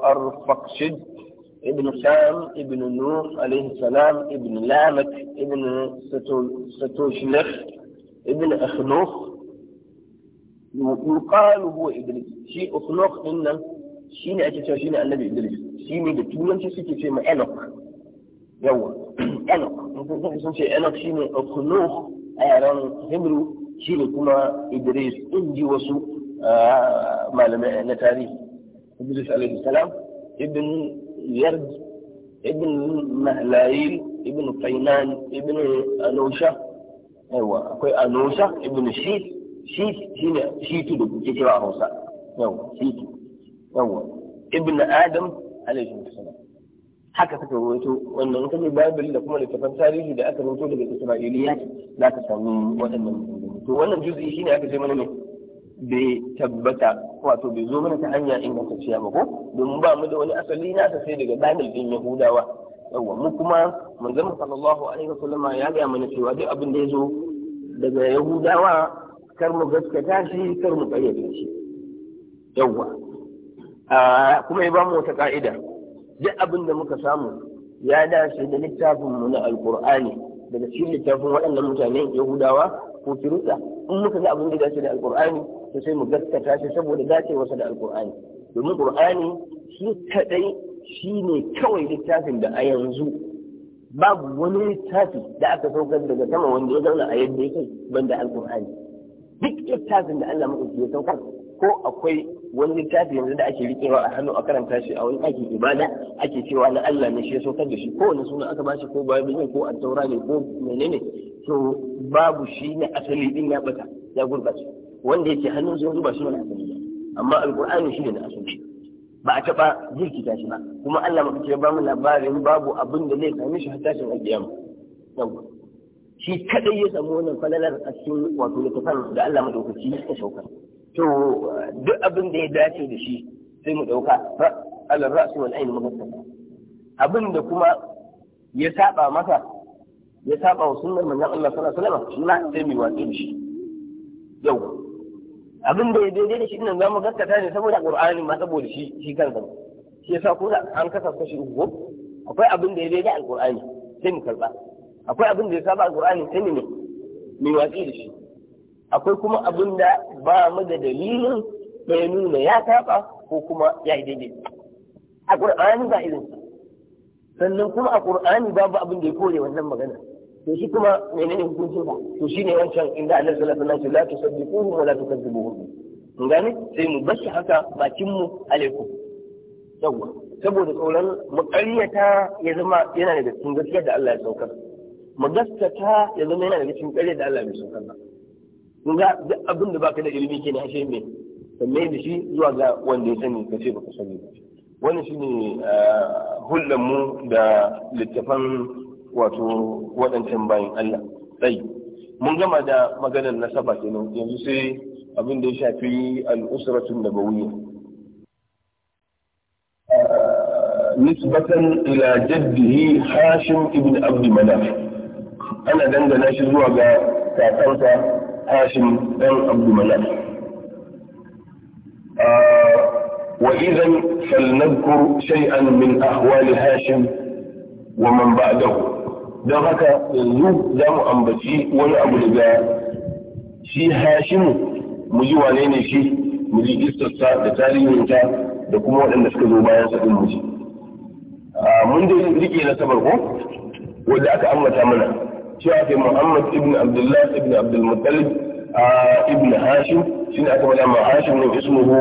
أرفخشد ابن سام ابن نوح عليه السلام ابن لامك ابن ستوشلخ ابن أخنوخ يقال هو إدريس شي أخنوخ إن شين أتسوى شين النبي إدريس شين إذا تولن تسكي في ما أنوك يوا أنوك ممكن تسمى شيء أنوك شين أخنوخ أيران همرو شين كما إدريس إنجي وسو آه ما لم نتاريخ إدريس عليه السلام ابن يرد ابن مهلايل ابن قينان ابن أنوشة أيوة أكوي أنوشة ابن شيت شيت هنا شيت دب كتير عروسة أيوة شيت أيوة ابن آدم عليه السلام haka suka rawaito wannan in kaje babil da kuma littafan tarihi da aka rawaito daga Isra'iliya za ka samu waɗannan to wannan juz'i shine aka ce ne bai tabbata wato bai zo mana ta hanya ingantacciya ba ko domin ba mu da wani asali na ta sai daga dalil din yahudawa yawa mu kuma manzon sallallahu alaihi wasallam ya ga mana cewa duk abin da ya zo daga yahudawa kar mu gaskata shi kar mu kayyade shi yawa kuma ya ba mu wata ka'ida duk abin da muka samu ya dace da littafin mu na alqur'ani daga cikin littafin waɗannan mutanen yahudawa ko ki rutsa in muka ga abin da dace da alqur'ani to sai mu gaskata shi saboda dace wasa da alqur'ani domin qur'ani shi kadai shine kawai littafin da a yanzu babu wani littafi da aka saukar daga sama wanda ya zauna a yadda yake banda alqur'ani duk littafin da Allah madauki ya saukar ko akwai wani littafi yanzu da ake rikewa a hannu a karanta shi a wani ake ibada ake cewa na Allah ne shi ya saukar da shi ko wani suna aka bashi ko babu ko a taura ne ko menene to babu shi ne asali din ya bata ya gurbace wanda yake hannun sun zuba shi wani asali amma alkur'ani shi ne na asali ba a taba jirkita shi ba kuma Allah maka ce ba mu labarin babu abin da zai same shi hatta shin yawa shi kadai ya samu wannan falalar a cikin wato littafin da Allah madaukaki ya shauka to duk abin da ya dace da shi sai mu dauka fa ra'su wal ayn mugaffal abin da kuma ya saba maka ya saba wa sunnar manzon Allah sallallahu alaihi wasallam shi ma sai mai wace shi yau abin da ya daidai da shi nan zamu gaskata ne saboda Qur'ani ma saboda shi shi kansa shi yasa ko da an kasa kashi uku akwai abin da ya daidai al-Qur'ani sai mu karba akwai abin da ya saba al sai mu ne mai wace da shi akwai kuma abin da ba mu da dalilin da ya nuna ya saba ko kuma ya yi daidai a ƙur'ani ba irin sannan kuma a Qur'ani babu abin da ya kore wannan magana to shi kuma menene hukuncin sa to shine wancan inda Allah sallallahu alaihi wasallam la tusaddiquhu wa la tukazzibuhu mun gane sai mu bashi haka bakin mu alaiku yawa saboda tsoron mu ƙaryata ya zama yana daga cikin gaskiya da Allah ya saukar mu gaskata ya zama yana daga cikin ƙarya da Allah ya saukar ba kun ga duk abin da baka da ilimi kenan ashe me sanne da shi zuwa ga wanda ya sani kace baka sani ba wannan shine eh, hulɗar mu da littafan wato waɗancan bayan Allah tsayi mun gama da maganar nasaba kenan yanzu sai abin da ya shafi al'usratun da bawuya nisbatan ila jaddihi hashim ibn abd manaf ana dangana shi zuwa ga kakansa hashim dan abd manaf وإذا فلنذكر شيئا من أحوال هاشم ومن بعده don haka yanzu za mu ambaci wani abu daga shi hashimu mu ji wane ne shi mu ji istarsa da tarihinta da kuma waɗanda suka zo bayan sa mu ji mun dai rike na sabar ko wanda aka ambata mana cewa kai Muhammad ibn Abdullah ibn Abdul Muttalib ibn Hashim shine aka faɗa ma Hashim ne ismuhu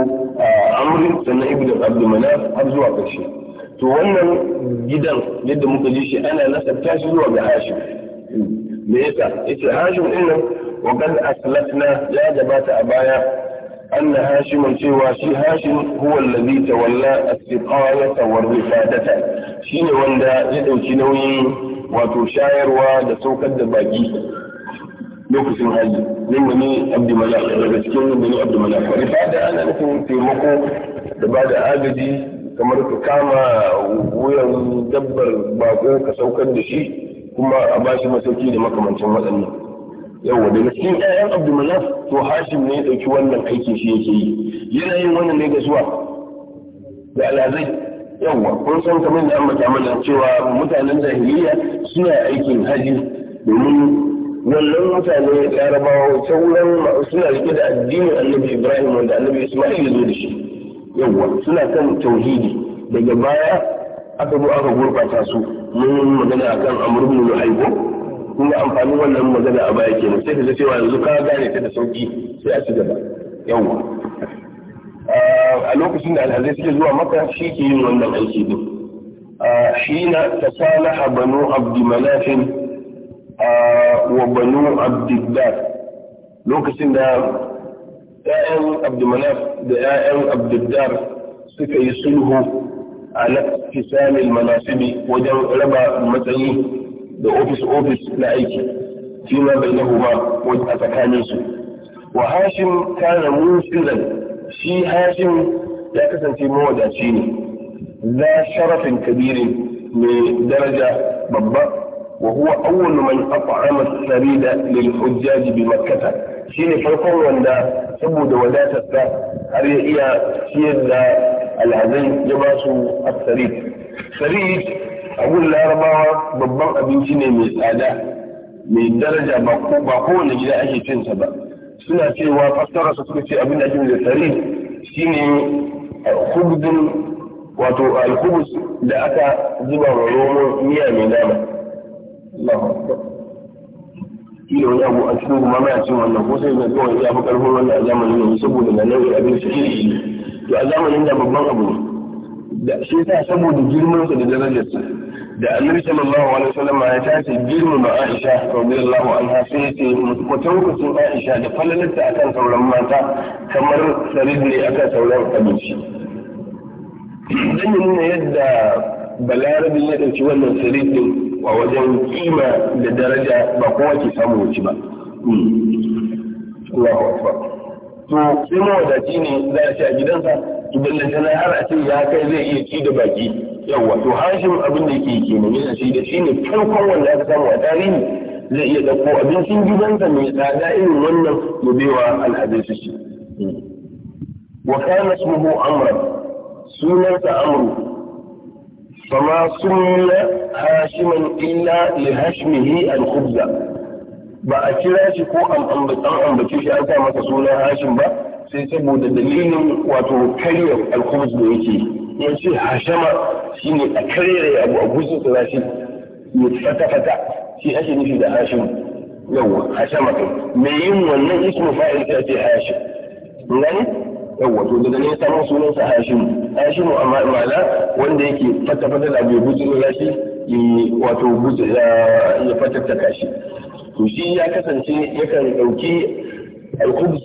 Amr sannan ibn Abdul Manaf har zuwa ƙarshe to wannan gidan yadda muka ji shi ana nasabta shi zuwa ga hashim me yasa yace hashim din nan wa kad aslatna ya gabata a baya anna hashim cewa shi hashim huwa allazi tawalla as-siqayata war rifadata shine wanda ya dauki nauyin wato shayarwa da saukar da baki lokacin haji min bani abdulmalak daga cikin bani abdulmalak rifada ana nufin taimako da bada agaji kamar ka kama wuyan dabbar bako ka saukar da shi kuma a ba shi masauki da makamancin waɗannan yawa daga cikin ƴaƴan abdulmanaf to hashim ne ya ɗauki wannan aiki shi yake yi yana yin wannan ne ga zuwa da alazai yawa kun san kamar da amma ta mana cewa mutanen jahiliya suna aikin haji domin wannan mutane rabawa sauran suna rike da addinin annabi ibrahim wanda annabi isma'il ya zo da shi yawwa suna kan tauhidi daga baya aka zo aka gurbata su mun magana akan amrun mu haibo kun ga amfanin wannan magana a baya kenan sai ka cewa yanzu ka gane ta da sauki sai a ci gaba yawwa ah, a lokacin da alhazai suke zuwa maka shi ke yin wannan aiki din حين تصالح بنو عبد مناف wa عبد الدار lokacin da. دائم عبد مناف دائم عبد الدار سيكيسله على اتسام المناسب وجو لبا المتعين ده اوفيس اوفيس لأيكي فيما بينهما واتكانيس وهاشم كان موسلا في هاشم لا في مودا شيني ذا شرف كبير من درجة ببا وهو اول من اطعم السريدة للحجاج بمكة Shi ne farkon wanda saboda wadatarsa har ya iya siyar da alhazai ya ba su asarit sarit abun larabawa babban abinci ne mai tsada mai daraja ba kowane gida ake cinsa ba suna cewa fassara su suka ce abin da ake da sarit ne khubzin wato alkubus da aka zuba wa romo miya mai nama shi wani abu a cikin kuma mai cin wannan ko sai ga kawai ya fi karfin wannan a zamanin yanzu saboda na nau'in abin su iri to a zamanin da babban abu ne da shi sa saboda girmansa da darajarsa da annabi sallallahu alaihi wasallam ya tace girman Aisha radiyallahu anha sai ce mutukwatan kusin Aisha da falalarta akan sauran mata kamar sarid ne akan sauran abinci dan nuna yadda balarabi ya dauki wannan sarid din a wajen kima da daraja ba kowa ke samu wuce ba to sai wadaci ne za a ce a gidansa idan da tana har a ce ya kai zai iya ci da baki yawa to hashim abin da yake kenan yana shi da shi ne farkon wanda aka samu a tarihi zai iya dauko abincin gidansa mai tsada irin wannan ya baiwa al'adai su wa kana amr sunansa amru فما سمي هاشما الا لهشمه الخبز باكراشي كو ام ام بتان ام بتشي ان سامى سونا هاشم با سي سبود دليل واتو كريو الخبز ده يجي يجي هاشما شيني اكريري ابو ابو سي سلاشي يتفتفتا شي اشي نفي ده هاشم يو هاشما كي مين ونن اسم فائل كاتي هاشم يعني yawwa to daga ne samun sunan sa hashimu hashimu amma ma'ana wanda yake fata-fata da bai bujiro ya shi wato ya fatattaka shi to shi ya kasance yakan ɗauki alkubus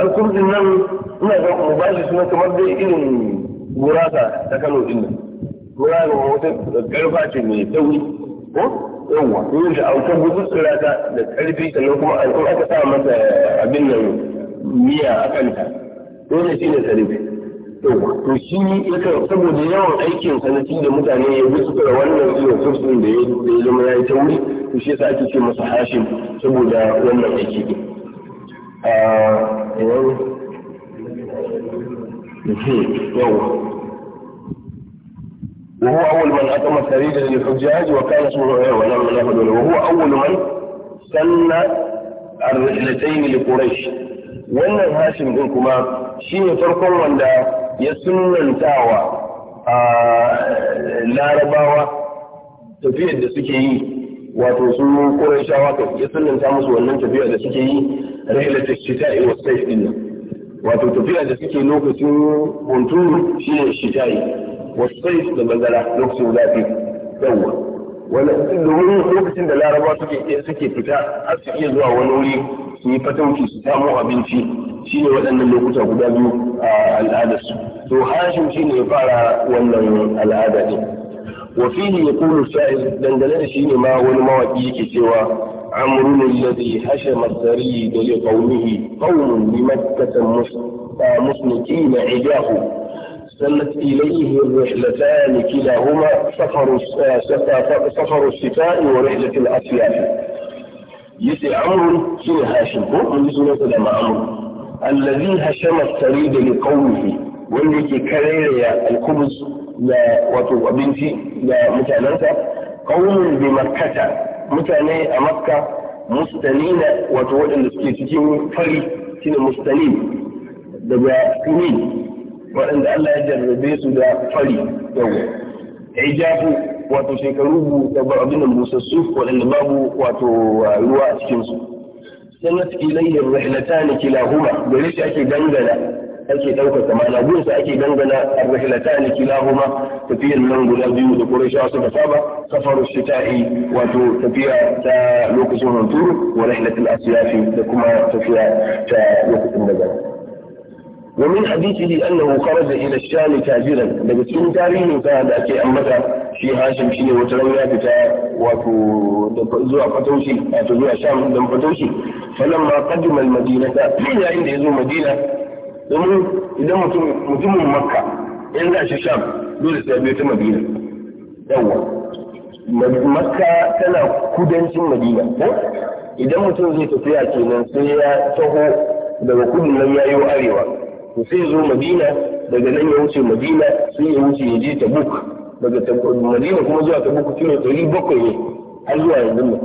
alkubusin nan ina ga mu ba shi suna kamar dai irin gurasa ta kano din nan gurasa wata karfa ce mai tsawi ko yawwa yin shi a wutar gudu tsirata da karfi sannan kuma alkubus aka sa masa abin nan miya a kanta dole shi ne sarifi to shi yakan saboda yawan aikin sanatin da mutane ya bi suka da wannan irin kursin da ya zama ya yi ta wuri to shi yasa ake ce masa hashim saboda wannan aiki din yawa وهو أول من أقام السرير للحجاج وكان اسمه عيوة وهو أول من سن الرحلتين لقريش wannan hashim din kuma shi ne farkon wanda ya sunantawa a larabawa tafiyar da suke yi wato su ƙurashawa ya sunanta musu wannan tafiyar da suke yi relative shita'i wa saif din wato tafiya da suke lokacin hunturu shi ne yi wa saif da bazara lokacin zafi yawwa wani lokacin da larabawa suke fita har su iya zuwa wani wuri su yi fatauci su samo abinci shi ne waɗannan lokuta guda biyu a al'adarsu to hashim shi ne ya fara wannan al'ada ɗin wa fihi yaqulu sha'ir dangane da shi ne ma wani mawaki yake cewa amrun alladhi hashama as-sariy li qawmihi qawmun bi makkah musnikin ijahu سلت إليه الرحلتان كلاهما سفر سفر الشتاء ورحلة الأصياف yace amru shi ne hashim ko an ji sunansa da ma'amur allazi hashama da li qaumihi wanda yake kareraya al-khubuz na wato abinci na mutanensa qaumun bi makkata mutane a makka mustanina wato waɗanda suke cikin fari shine mustanin daga sunin waɗanda Allah ya jarrabe su da fari yau ijafu wato shekaru da abin musassu waɗanda babu wato ruwa a cikinsu sannan ilayhin rahlatani kilahuma gare shi ake dangana ake na mana gunsa ake dangana rahlatani kilahuma tafiyar nan guda biyu da qurayshawa suka saba safaru shita'i wato tafiya ta lokacin hunturu wa rahlatul asyafi da kuma tafiya ta lokacin dagana ومن حديثه أنه خرج إلى الشام تاجرا daga cikin tarihin sa da ake ambata shi Hashim shine wata ran fita wato zuwa Fataushi wato zuwa Sham dan Fataushi falamma qadima al-Madina yayin da yazo Madina idan mutum mutumin Makka in za Sham dole sai bai ta Madina yawa Makka tana kudancin Madina idan mutum zai tafiya kenan sai ya taho daga kudin nan ya yi arewa to sai zo madina daga nan ya wuce madina sai ya wuce ya je tabuk daga madina kuma zuwa tabuk kilo ɗari bakwai ne har zuwa yanzu nan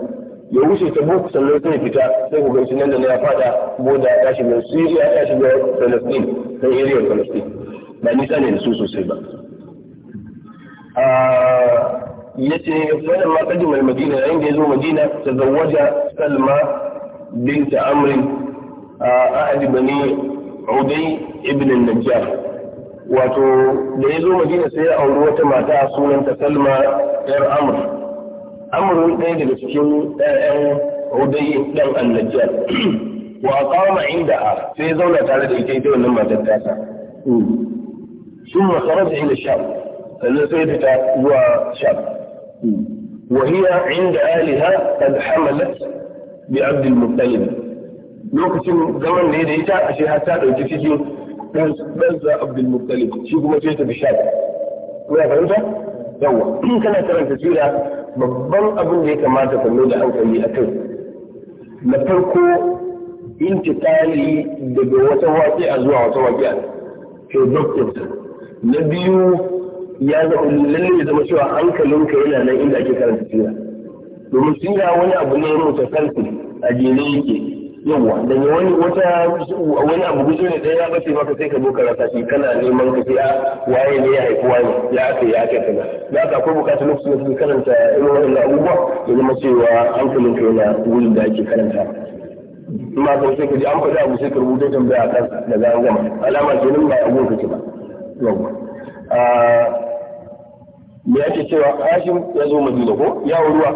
ya wuce tabuk sannan sai fita sai ku ganci nan da na ya fada boda ya shiga siriya ya shiga falastin sai iriyar falastin ba nisa ne da su sosai ba ya ce wannan ma kaji mai madina yayin da ya zo madina ta zawaja salma binta amrin a ahadi bani udai ibn al-najjar wato da ya zo madina sai ya auri wata mata a sunanta salma yar amr amr ɗaya daga cikin ɗayan udai ɗan al-najjar wa aqama inda sai zauna tare da ita ita wannan matar tasa ثم خرج إلى الشام فلسيبت وشام وهي عند أهلها قد حملت بعبد المطلب lokacin zaman da ya da ita a har ta ɗauki cikin ɗan ɗansa abdul muttalib shi kuma ce ta bi sha kuna fahimta yawa [CLEARS THROAT] kana karanta sira babban abin da ya kamata ka da hankali a kai na farko intikali daga wata a zuwa wata a ke doktorsa na biyu ya zama lalle ya zama cewa hankalinka yana nan inda ake karanta sira domin tsira wani abu ne mutasarfi a jere yake yawa da wani wata wani abu guzo ne ɗaya ya bace maka sai ka zo ka rasa shi kana neman ka sai a waye ne ya haifi waye ya aka ya ake tana da aka akwai bukata lokacin da suke karanta irin waɗannan abubuwa ya zama cewa hankalin ka yana wurin da ake karanta ma ka sai ka ji an faɗi abu sai ka rubuta tambaya a kan da za a gama alama kenan ba abu kake ba yawa ah, me ake cewa kashin ya zo madina ko yawon ruwa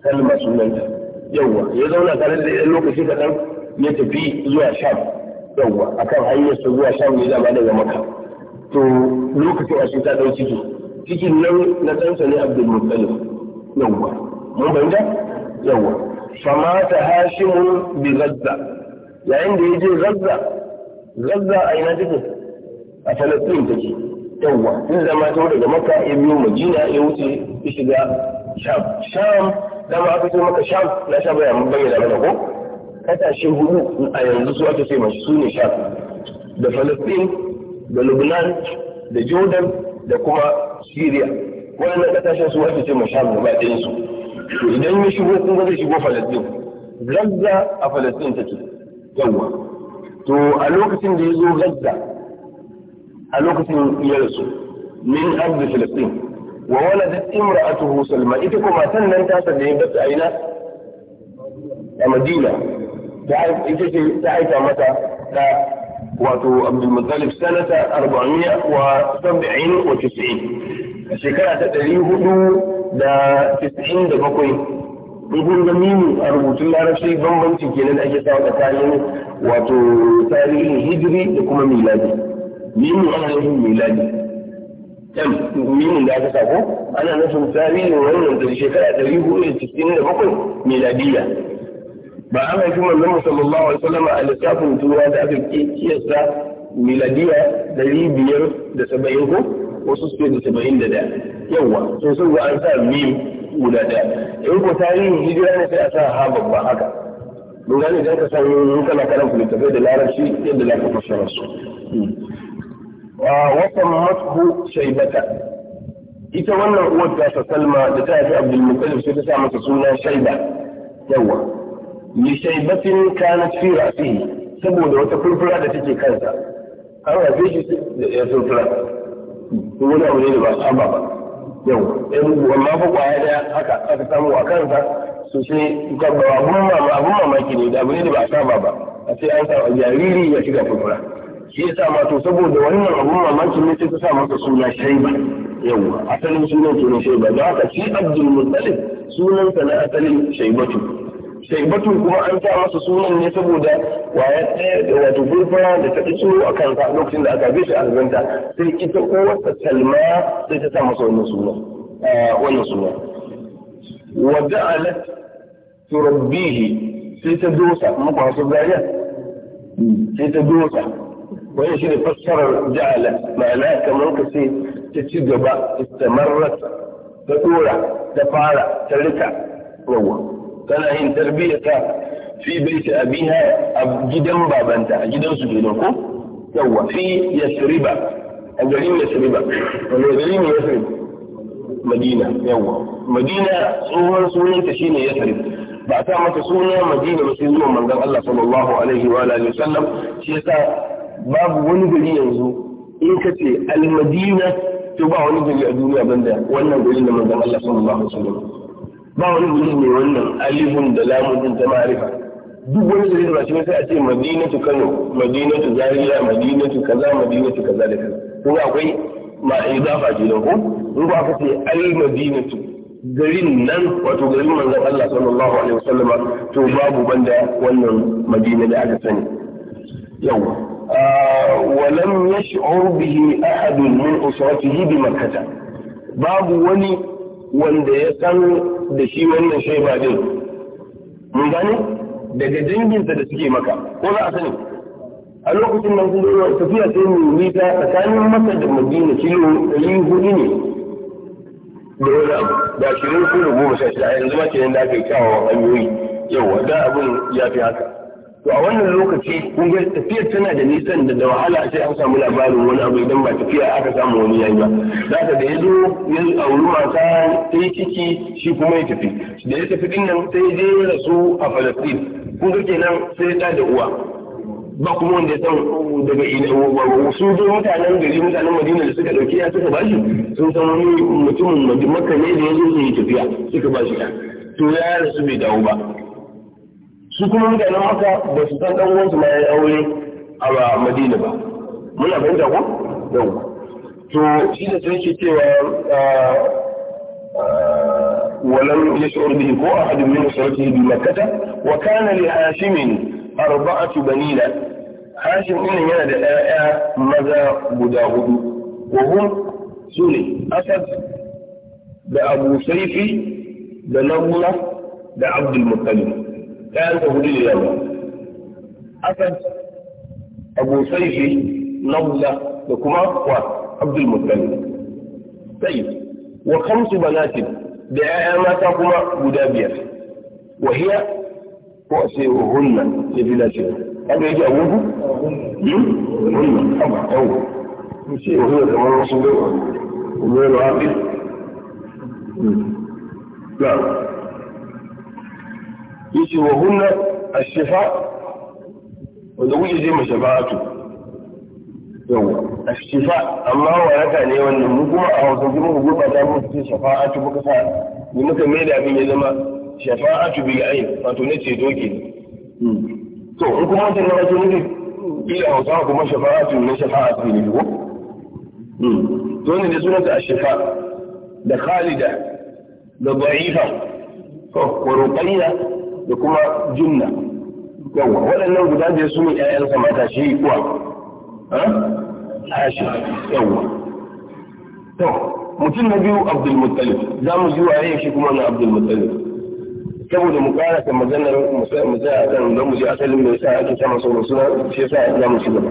kalmar sunanta yawwa ya zauna tare da ɗan lokaci kaɗan ya tafi zuwa sham yawwa a kan hanyar su zuwa sham ne zama daga maka to lokacin a ta ɗau ciki cikin nan na ɗansa ne abdul muttalib yawwa mun banga yawwa famata mun bi zazza yayin da ya je zazza zazza a ina take a falastin take yawwa tun zama ta daga maka ya biyo madina ya wuce ya shiga sham sham Da ma aka ce maka sham na sham ya mun bayyana mana ko kasashe hudu a yanzu su aka ce mashi su ne sham da falastin da lubnan da jordan da kuma syria wannan kasashen su aka ce mashi sham ba ɗayan su to idan ya shigo kun ga zai shigo falastin gaza a falastin take yawa to a lokacin da ya zo gaza a lokacin ya rasu min arzi falastin wa waladat imra'atuhu salma ita kuma matan nan ta sa da ya bata aina a madina ta ita ce ta aika mata ta wato abdul muttalib sanata 470 wa 90 shekara ta 497 kun ga mimi a rubutun larabci bambancin kenan da ake sawa tsakanin wato tarihin hijiri da kuma miladi mimi ana yin miladi m mimin da aka sako ana nufin tarihin wannan da shekara ɗari hudu da cikin da bakwai miladiya. ba an haifi manzon mu sallallahu alaihi wasallam a lissafin tura da aka kiyasta miladiya ɗari biyar da saba'in ko wasu suke da saba'in da ɗaya yawa so sun ga an sa mim guda ɗaya in ko tarihin hijira ne sai a sa ha babba haka mun gane idan ka san kana karan littattafai da larabci yadda za ka fassara su hmm. watan matku shaibata ita wannan uwar ta salma da ta haifi abdulmuttalib sai ta sa masa suna shaiba yawa li shaibatin kanat fi ra'sihi saboda wata furfura da take kansa an haife shi da ya furfura to wani abu ne da ba a ba yawa ɗan wannan fa kwaya da aka aka samu a kansa su ce. ga abun mamaki ne da abu ne da ba a saba ba a sai an sa jariri ya shiga furfura shi yasa ma to saboda wannan abun mamaki ne sai ta sa masa suna shaiba yawa asalin sunan kenan shaiba da haka shi abdul muttalib sunan na asalin shaibatu shaibatu kuma an sa masa sunan ne saboda waya ɗaya da wato gurfara da ta tsoro a kansa lokacin da aka bi shi azanta sai ita uwarsa talma sai ta sa masa wannan sunan eh, wannan sunan wa ja'alat turabbihi sai ta dosa muku zariya hmm, sai ta dosa Waya shi ne fassarar ja'ala ma'ana kamar ka ce ta ci gaba istamarrat ta dora ta fara ta rika yawa tana yin tarbiyyata fi baiti abiha a gidan babanta a gidan su gidan ko yawa fi yasriba a garin yasriba wani garin yasriba madina yawa madina tsohon sunanta shine yasriba ba a sa mata suna madina ba sai zuwa mangan Allah sallallahu alaihi babu wani gari yanzu in ka ce almadina to ba wani gari a duniya ban da wannan gari da manzan Allah sallallahu alaihi wasallam ba wani gari ne wannan alifun da lamun ta ma'rifa duk wani gari da ba shi sai a ce madinatu Kano madinatu Zariya, madinatu kaza madinatu kaza da kaza kuma akwai ma idafa kenan ko in ba ka ce almadinatu garin nan wato garin manzan Allah sallallahu alaihi wasallam to babu banda wannan madina da aka sani yawa ولم يشعر به أحد من أسرته بمكة باب ولي wanda ya san da shi wannan shaiba ذلك daga danginsa da suke maka ko za a sani a lokacin nan kuma tafiya sai mu nisa tsakanin maka da madina kilo ɗari hudu ne da wani abu da ashirin ko goma sha shida yanzu ma kenan da aka yi kyawawan hanyoyi yau da abin ya fi haka to a wannan lokaci kun ga tafiyar tana da nisan da da wahala sai an samu labarin wani abu idan ba tafiya aka samu wani yayi ba Za ka da yazo ya auri mata ta yi ciki shi kuma ya tafi da ya tafi din nan sai je rasu a Falastin kun ga kenan sai ya da uwa ba kuma wanda ya san daga ina su zo mutanen gari mutanen Madina da suka dauki ya suka bashi sun san wani mutumin Makka ne da ya yi tafiya suka bashi to ya rasu bai dawo ba su kuma mutanen haka ba su san ɗan'uwansu ma ya aure a madina ba muna yau to shi da ولم يشعر به هو أحد من أسرته بمكة وكان لهاشم أربعة بنين هاشم إن ينادى آية ماذا بداه وهم سني أسد ده سيف سيفي ده نغلة ده عبد المطلب لا تهدي اليوم أسد أبو سيفي نضلة لكما وعبد المطلب طيب وخمس بنات دعاء ما بدابية وهي وأسيرهن لفلاسه هل يجي أبوه؟ هن طبعا أوه وهي كمان رسول الله ومن عاقل لا yace wa hunna ashifa wanda kuke je mu shafa'atu yawa ashifa shifa amma waraka ne wannan mu kuma a hausa kuma mu gurbata mu ce shafa'atu muka sa ni muka mai da abin ya zama shafa'atu bi ayn wato ne ce doke to in kuma wannan na wato ne a hausa kuma shafa'atu ne shafa'atu ne ko hmm. to ne sunanta ash-shifa da khalida da da'ifa ko ruqayya da kuma jinna yawa waɗannan guda biyar su ne ƴaƴan ƴaƴansa mata shi kuwa hashi yawa to mutum na biyu abdul muttalib za mu ji waye shi kuma na abdul muttalib saboda mu ƙara ta maganar mu tsaya kan don mu ji asalin mai sa ake sama sauran suna shi yasa za mu ci gaba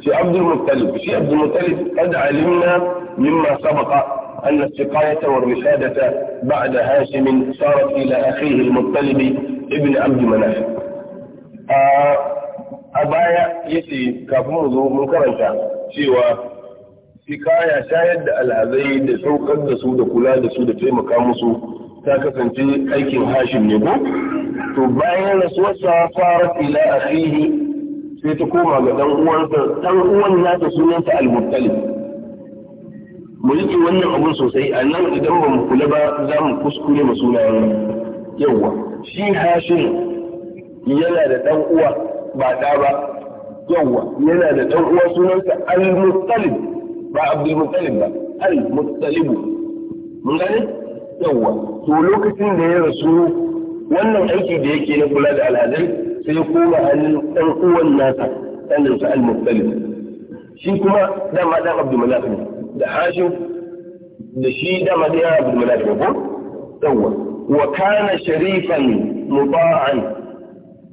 shi abdul muttalib shi abdul muttalib kada alimna mimma sabaqa أن السقاية والرشادة بعد هاشم صارت إلى أخيه المطلب ابن عبد مناف أبايا يتي كافمرضو من كرنشا سوى سقاية شايد العذي دسو قد دسو دكولا دسو دكي مكامسو تاكسن في أيكي هاشم نبو تبايا نسوسا صارت إلى أخيه sai ta koma ga ɗan uwansa ɗan uwan nata sunansa al-muttalib mu riƙe wannan abun sosai a nan idan ba mu kula ba za mu kuskure mu sunayen yawwa shi hashin yana da dan uwa ba ɗa ba yawwa yana da dan uwa sunansa al-muttalib ba abdul muttalib ba al-muttalib mun gane yawwa to lokacin da ya rasu wannan aiki da yake na kula da al'adar sai ya koma hannun dan uwan nasa ɗaninsa al-muttalib shi kuma dama dan abdul muttalib da hashim da shi da madiya da malik ko yawa wa kana sharifan muta'an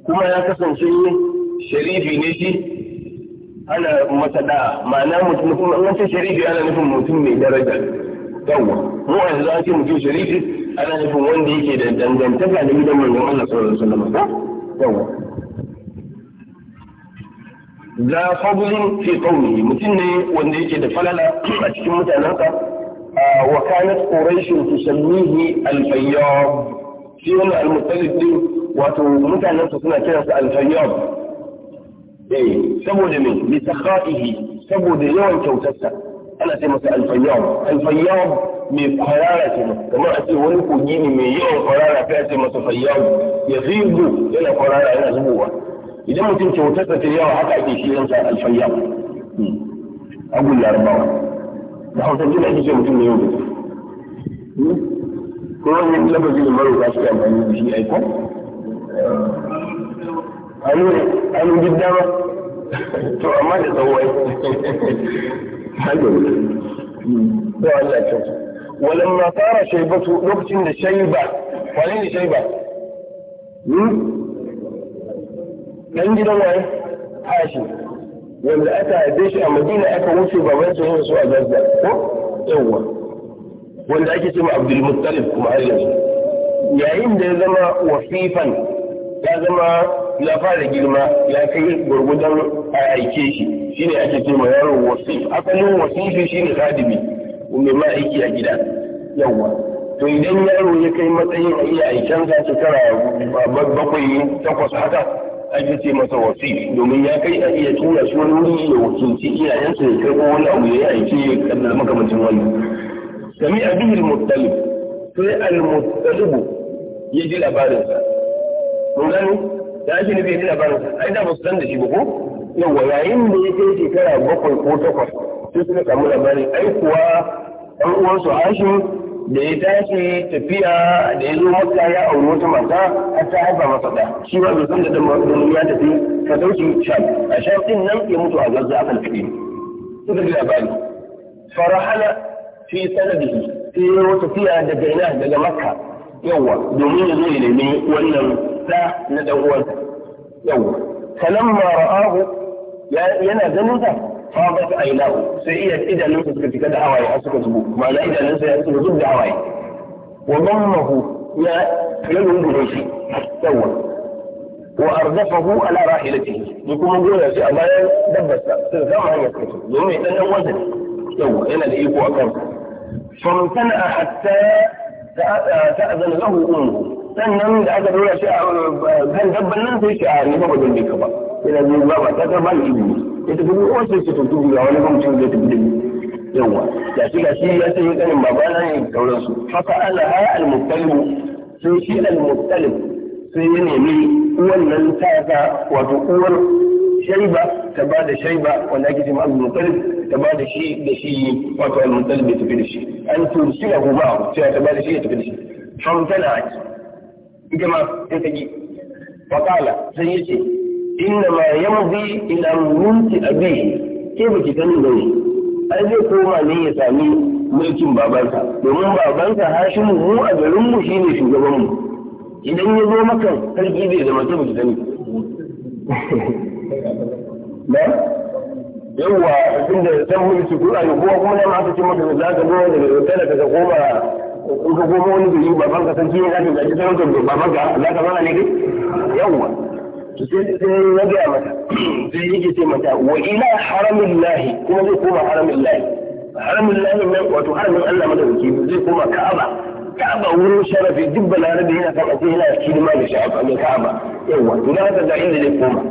kuma ya kasance sharifi ne shi ana masa da ma'ana mutum ce sharifi ana nufin mutum mai daraja yawa mu a yanzu an ce mutum sharifi ana nufin wanda yake da dangantaka da gidan manzon Allah sallallahu alaihi wasallam yawa za fadlin fi qawmihi mutum ne wanda yake da falala a cikin mutanensa wa kanat quraish tusammihi al-fayyab shi wannan al-muttalib din wato mutanensa suna kiransa al-fayyab eh saboda me bi sakhaihi saboda yawan kyautarsa ana ce masa al-fayyab al-fayyab mai kwarara ce kamar a ce wani kogi ne mai yawan kwarara kai a ce masa fayyab ya zigo yana kwarara yana zubowa idan mutum kyautarsa ta yawa haka ake shi yan sa alfayya abun larabawa da hausa jina ake ce mutum ne yau da ko wani labarin da maro za su yi amfani da shi aiko hannun gidda ba to amma da tsawai hannun da Allah kyautar shaibatu lokacin da shaiba kwanin da shaiba dan gidan waye Hashi wanda aka haife shi a Madina aka wuce baban sa su a Gaza ko yawwa, wanda ake cewa Abdul Muttalib kuma har yanzu yayin da ya zama wasifan ya zama ya fara girma ya kai gurgudan a aike shi shine ake cewa yaro wasif asalin wasifi shine khadimi mai aiki a gida Yawwa, to idan yaro ya kai matsayin a iya aikensa shekara bakwai takwas haka ake ce masa wasi domin ya kai a iya tura shi wani wuri ya wakilci iyayensa ya karɓo wani abu ya aiki ya kaddar makamancin wani. sami abihil mutalib sai al mutalib ya ji labarinsa mun gani da ake nufi ya ji labarinsa ai da ba su san da shi ba ko yawa yayin da ya kai shekara bakwai ko takwas sai suka samu labarin ai kuwa ɗan uwansu hashim da ya tashi tafiya da ya zo maka ya auri wata mata har ta haifa masa ɗa shi ma bai san da dan ya tafi ka dauki sham a sham din nan ya mutu a gazza akan fide suka ji labari farahala fi sanadihi sai ya wata tafiya daga ina daga makka yawa domin ya zo ya nemi wannan ɗa na dan uwansa yawa falamma ra'ahu yana ganin sa فاضت اي سيئة اذا لم نمسك كتكاد هواي حسب زبو معنى اذا ننسى يأسك زبو هواي وضمه يا يلون بريشي حتوى وأرضفه على راحلته يقول من دون يسي الله يدبس تنزعها يكتب لأنه يتنى وزن يوه إلى الإيقو أكبر فمتنع حتى تأذن له أمه تنى من هذا الرؤية شيء كان دبا ننسي شيء يبقى دون بكبر إلى الزبابة تتبع الإبنس ya tafi ni wasu ce tuntu ga wani mutum zai tafi da ni yawa ya shi ga shi ya sai kanin babana ne sauransu Haka fa'ala ha al-muttalim sai shi al-muttalim sai ya nemi wannan tasa wato uwar shaiba ta ba da shaiba wanda ake cewa abu mutalib ta ba da shi da shi wato al mutalib ya tafi da shi an tursi da huma cewa ta ba da shi ya tafi da shi fan tana ita ma sai ta ki wa qala sai ce. إنما ma إلى ila أبيه كيف ke baki gani bane ai zai koma ne ya sami mulkin babansa domin babansa hashin mu a garin mu shine shugaban mu idan ya zo maka sarki zai san mulki ko ai ko kuma nan aka ce maka za ka zo daga talaka ka koma in koma wani gari babanka ka ji babanka za ka zama ne yawwa to sai sai ya ga mata sai yake ce mata wa ila haramin lahi kuma zai koma haramin lahi haramin lahi nan wato haramin Allah madauki zai koma Ka'aba Ka'aba wurin sharafi duk balarabe yana kan ake yana kidima da sha'aba mai Ka'aba yawa ina haka da inda zai koma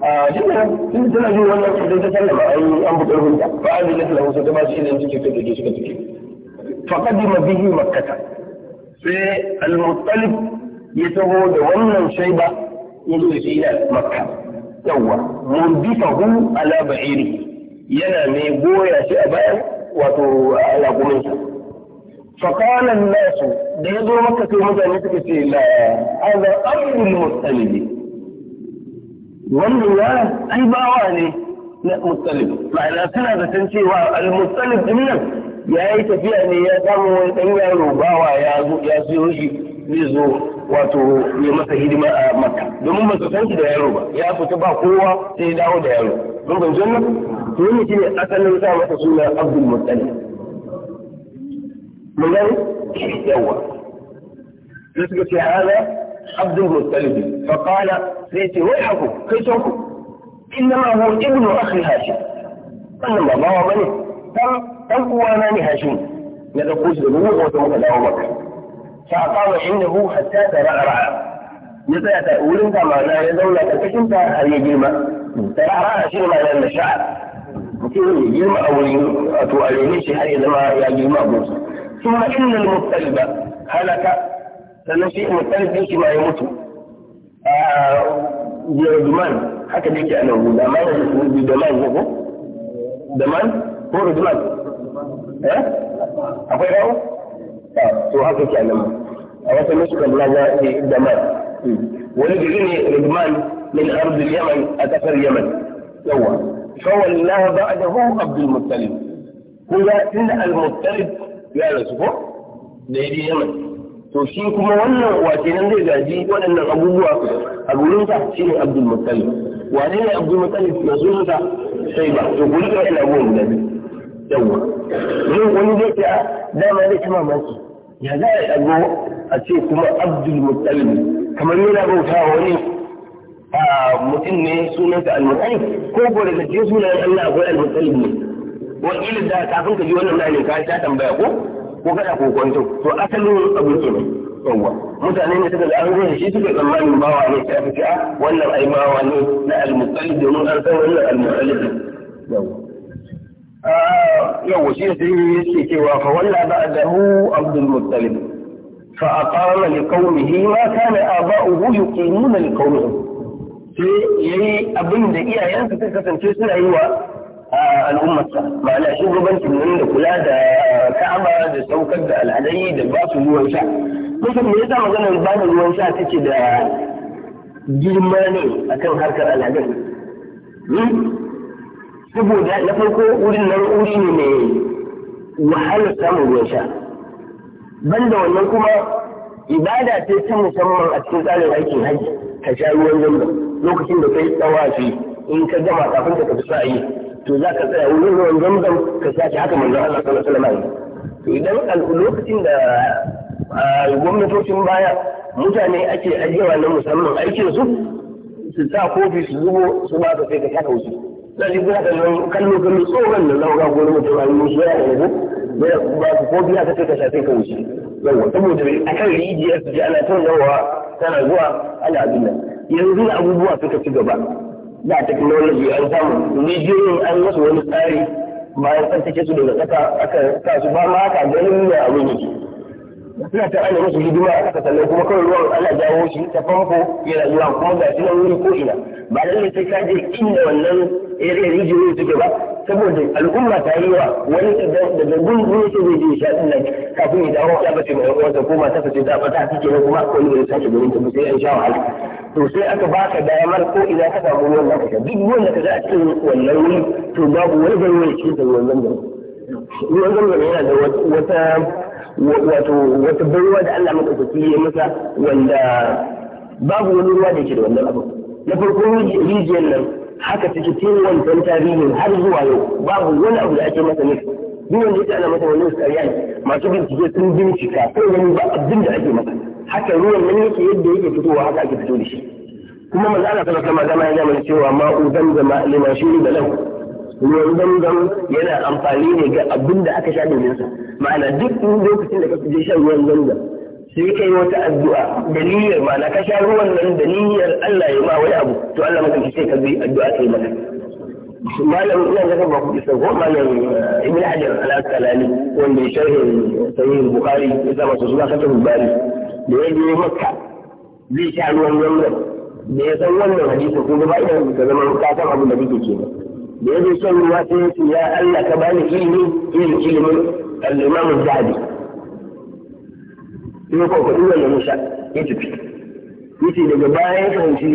a shi ne sun tana jin wannan sai ta sallama ai an buƙar hunta fa azin lahu sai ta ba shi izinin cikin ta dake shi ka ciki faqadima bihi makkata sai al-muttalib ya taho da wannan shaiba yake shi na makka yawwa murbifahu ala ba'iri yana mai goya shi a bayan wato alaƙuminsa فقال الناس da ya zo maka sai mutane suka ce la hada amrul mustalib wannan ya ai bawa ne na mustalib ma'ana suna zaton cewa al mustalib din nan ya yi tafiya ne ya samu wani dan yaro bawa ya zo ya siyo shi zai zo wato ya masa hidima a makka domin ba su san shi da yaro ba ya fita ba kowa sai ya dawo da yaro mun ban janna to ne shine asalin sa masa suna abdul muttalib mun gani yawa sai suka ce hada abdul muttalib fa qala sai ce wai haku kai tonku innama huwa ibnu akhi hashim wannan ba bawa bane dan dan uwana ne hashim na da kusa da mu ko ta muka dawo makka shafawa innahu hatta tarara ya tsaya ta wurin ta ma'ana ya zauna ta cikin ta har ya girma tarara shi ne ma'anar da sha'a mutum ya girma a wurin wato a rene shi har ya zama ya girma a gunsa ثم إن المضطرب هلك sannan shi mutum ɗin shi ma ya mutu a Yerduman haka da yake a nan guda ma yana da Daman ko ko? Daman ko Yerduman? Eh? Akwai rawo? to haka kenan a wata nuskar na ga daman wani gari ne rigman min ardul yaman a kasar yaman yawa fawallaha ba'dahu abdul muttalib kun ga inda al muttalib ya rasu ko da yaji yaman to shi kuma wannan wace nan zai gaji waɗannan abubuwa a gurinsa shi ne abdul muttalib wane ne abdul muttalib na sunansa sai ba to gurin da yana gudun da yawa wani zai ce a dama zai ci mamaki ya za a ɗago a ce kuma abdul muttalib kamar yana bauta wani mutum ne sunanta al-muttalib ko da daga cikin sunayen Allah akwai al-muttalib ne wakilin da kafin ka ji wannan na ne ka ta tambaya ko ko kada ko kwanto to asalin abu ke ne yawwa mutane ne suka ga an gode shi suka tsammanin bawa ne ta fi a wannan ai bawa ne na al-muttalib domin an san wannan al-muttalib yawwa yau shi sai yake cewa fa walla ba'dahu abdul muttalib fa aqama li qaumihi ma kana aba'uhu yuqimuna li qaumihim sai yayi abin da iyayensa suka kasance suna yi wa al'ummarsa ma'ana shugabancin nan da kula da ka'aba da saukar da al'adai da ba su ruwan sha mutum me yasa maganar ba da ruwan sha take da girma ne akan harkar al'adai hmm? saboda na farko wurin nan wuri ne mai wahalar samun ruwan sha banda wannan kuma ibada ce ta musamman a cikin tsarin aikin haji ka sha ruwan zamba lokacin da kai tsawafi in ka gama kafin ka tafi sa'i to za ka tsaya wurin ruwan zamzam ka sha haka manzon Allah sallallahu alaihi wasallam to idan lokacin da gwamnatocin baya mutane ake ajiyawa na musamman aikin su su sa kofi su zubo su ba ka sai ka sha wuce za shi kuma sannan kallo kallo tsohon da lauka ko mutum an yi shi ya yanzu ba ko biya ka ce ka shafe ka yawa a kan rijiyar su ji ana ta yawa tana zuwa ana abin yanzu abubuwa suka ci gaba da technology an samu rijiyoyin an masu wani tsari bayan tsarkake su daga kasa aka kasu su ba ma ka ganin da abin yake suna ta ana musu hidima a ƙasa sannan kuma kawai ruwan ana jawo shi ta famfo yana zuwa kuma ga shi nan wuri ko ina ba lallai sai ka je inda wannan area rijiyoyi suke ba saboda al'umma ta yi wa wani da gungun yake zai je sha din nan kafin ya dawo ya bace mai uwansa ko mata ta ce ta fata take ne kuma ko ne sai gurin ta sai an sha wahala to sai aka baka damar ko ina ka samu ruwan da ka duk wanda ka ga a cikin wannan wuri to babu wani gari ne cikin wannan gari ruwan gari yana da wata wato wata baiwa da Allah madaukaki ya masa wanda babu wani ruwa da yake da wannan abu na farko rijiyar nan haka take tun wancan tarihin har zuwa yau babu wani abu da ake masa ne duk wanda yake ana masa wani kariya ne masu bincike sun bincika ko wani ba abin da ake masa haka ruwan nan yake yadda yake fitowa haka ake fito da shi kuma manzo Allah sallallahu alaihi wasallam ya zama cewa ma'u zamzama liman shuri da lahu ruwan zanzan yana amfani ne ga abin da aka sha domin sa ma'ana duk lokacin da ka je shan ruwan zanzan sai kai wata addu'a da niyyar ma'ana ka sha ruwan nan da niyyar Allah ya ma wani abu to Allah maka sai ka bi addu'a kai maka malam ina ga ba ku isa ko malam ibn hajar al-asqalani wanda ya sharhi sahih bukhari ya sa masa suna fatul bari da ya je makka zai sha ruwan zanzan da ya san wannan hadisi ko ba ina ga zaman ka san abin da kake kenan da ya je shan ruwa sai ya ce ya Allah ka bani ilimi irin ilimin al-Imam Zahabi sai ko kudi wanda Musa ya tafi yace daga baya ya fahimci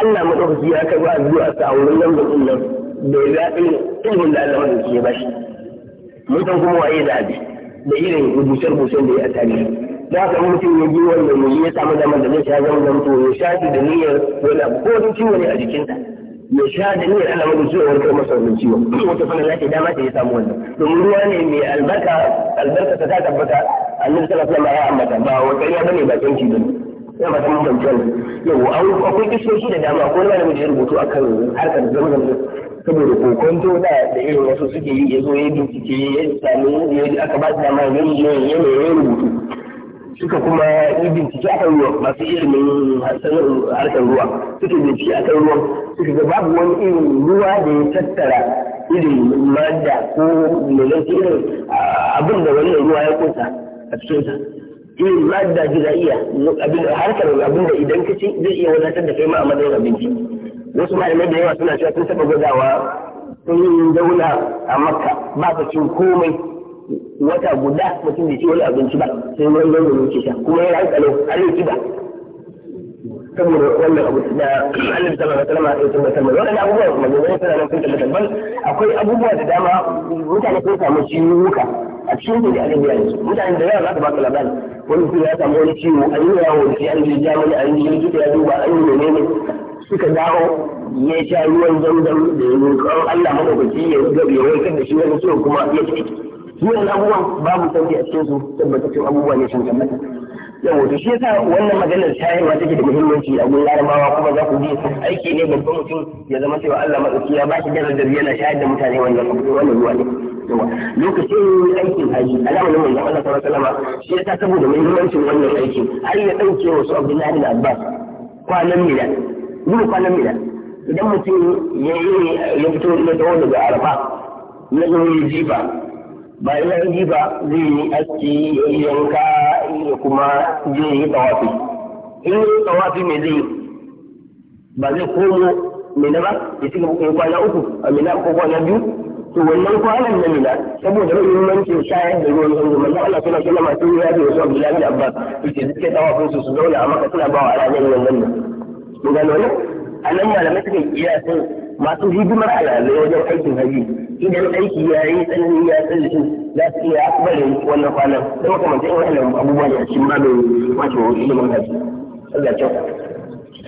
Allah madaukaki ya karba addu'a a wurin nan da kullum da ya ga ilimin da Allah madaukaki ya bashi kuma waye da da ya a ya ji wanda mu da ya shafi ya sha da niyyar Allah mai ciwo warkar masa wannan wato wata fana lafiya dama ta ya samu wannan domin ruwa ne mai albarka albarka ta ta tabbata annabi sallallahu alaihi wasallam ya ambata ba wa kariya bane ba kanki bane ya ba mun ban kan yau akwai kisoshi da dama akwai wani da ya rubutu akan harkar zamzam saboda kokonto da da irin wasu suke yi ya zo ya bincike ya sami aka ba su dama ya yi ya rubutu suka kuma yi bincike akan ruwan masu ilimin harkar ruwa suka bincike akan ruwan suka ga babu wani irin ruwa da ya tattara irin mada ko mulaci irin abin da wannan ruwa ya kunsa a cikinsa irin mada iya harkar abin da idan kaci zai iya wadatar da kai ma a matsayin abinci wasu malamai da yawa suna cewa sun taɓa gwadawa sun yi dauna a makka ba su cin komai wata guda mutum bai ci wani abinci ba sai wani zango ne sha kuma yana hankali har yi kiba saboda wannan abu da Allah ta bada kalma sai sun mutum wannan abubuwa kuma ne suna nan kun tabbata ban akwai abubuwa da dama mutane sun samu ciwuka a cikin da aka ya su mutane da yawa za su ba su labari wani kuma ya samu wani ciwo a yi yawo da shi an je jamani an je likita ya duba an yi menene suka dawo ya sha ruwan zamzam da ya roƙon Allah madaukaki ya gabe ya warkar da shi wani ciwo kuma ya ci wannan abubuwan babu sauki a cikin su cewa abubuwa ne sun tabbata yawo to shi yasa wannan maganar shayarwa take da muhimmanci a gurin larabawa kuma za ku ji aiki ne babban mutum ya zama cewa Allah madauki ya bashi darajar yana shayar da mutane wannan wannan ruwa ne lokacin aikin haji alama ne mai Allah sallallahu alaihi wasallam shi yasa saboda muhimmancin wannan aikin har ya dauke wasu Abdullahi bin Abbas kwanan mila gudu kwanan mila idan mutum ya fito ya tawo daga Arafa ya zo ya jifa ba ya yi ba zai yi aski ya yi yanka ya kuma je yi tawafi in yi tawafi mai zai ba zai komo mina ba ya cika yi kwana uku a mai na kuka kwana biyu to wannan kwanan na mina saboda muhimmancin shayar da ruwan zango manzo Allah suna kula masu yi da wasu Abdullahi da Abbas yake suke tawafin su su zauna a maka suna ba wa alamin nan nan mun gano ne a nan malamai suka iya sun masu hidimar alalai wajen aikin hajji idan aiki ya yi tsanani ya tsallace za su iya akwai wannan kwanan da makamantar yin wannan abubuwa ne a cikin mai wato ilimin hajji Allah kyau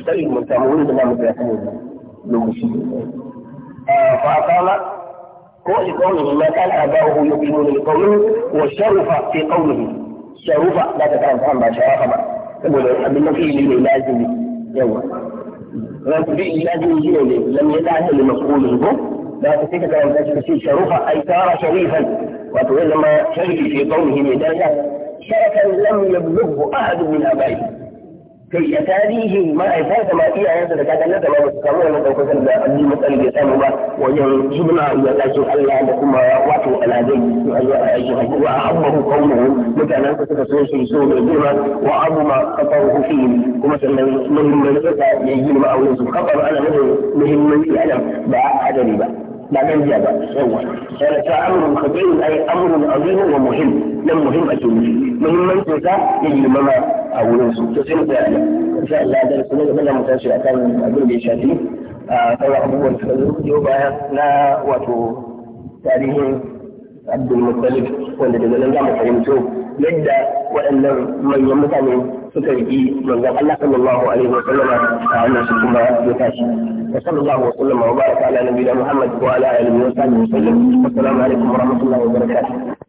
sai mu samu wani da ba mu tsaya kan lokaci fa kama كل قوله ما كان آباؤه يؤمنون بقوله ba? yi ربي الذي يلي لم يدعه لمفعوله به لا تتكت لم تشفي شرفا أي صار شريفا وتقول لما شرف في قومه ميدانه شركا لم يبلغه أحد من آبائه sai a tarihin ma'aikata ma iyayensa da kakannata ba su samu wannan ɗaukakar da abin matsalar bai samu ba wajen hidima ga ɗakin Allah da kuma wato alazai a zuwa a aikin haƙi wa ammahu kaunahu mutanen ka suka so su so mai girma wa abu ma kafaru fi kuma sannan muhimmanci ya yi girma a wurin su kafar ana nufin muhimmanci adam ba adali ba. بعدين جاب آه، فأمر خطير أي أمر عظيم ومهم لم مهم أتوني مهم من تسا يجي مما أو نسو تسين فعلا إن شاء الله هذا السنة بلا متاشر أكان أقول لي شاتي فهو أبو الفضل يوبا لا واتو تاريخ عبد المطلب والذي daga nan za mu fahimto من waɗannan manyan mutane suka riƙi الله Allah sallallahu alaihi wa الله a wannan وصلى الله وسلم وبارك على نبينا محمد وعلى اله وصحبه وسلم والسلام عليكم ورحمه الله وبركاته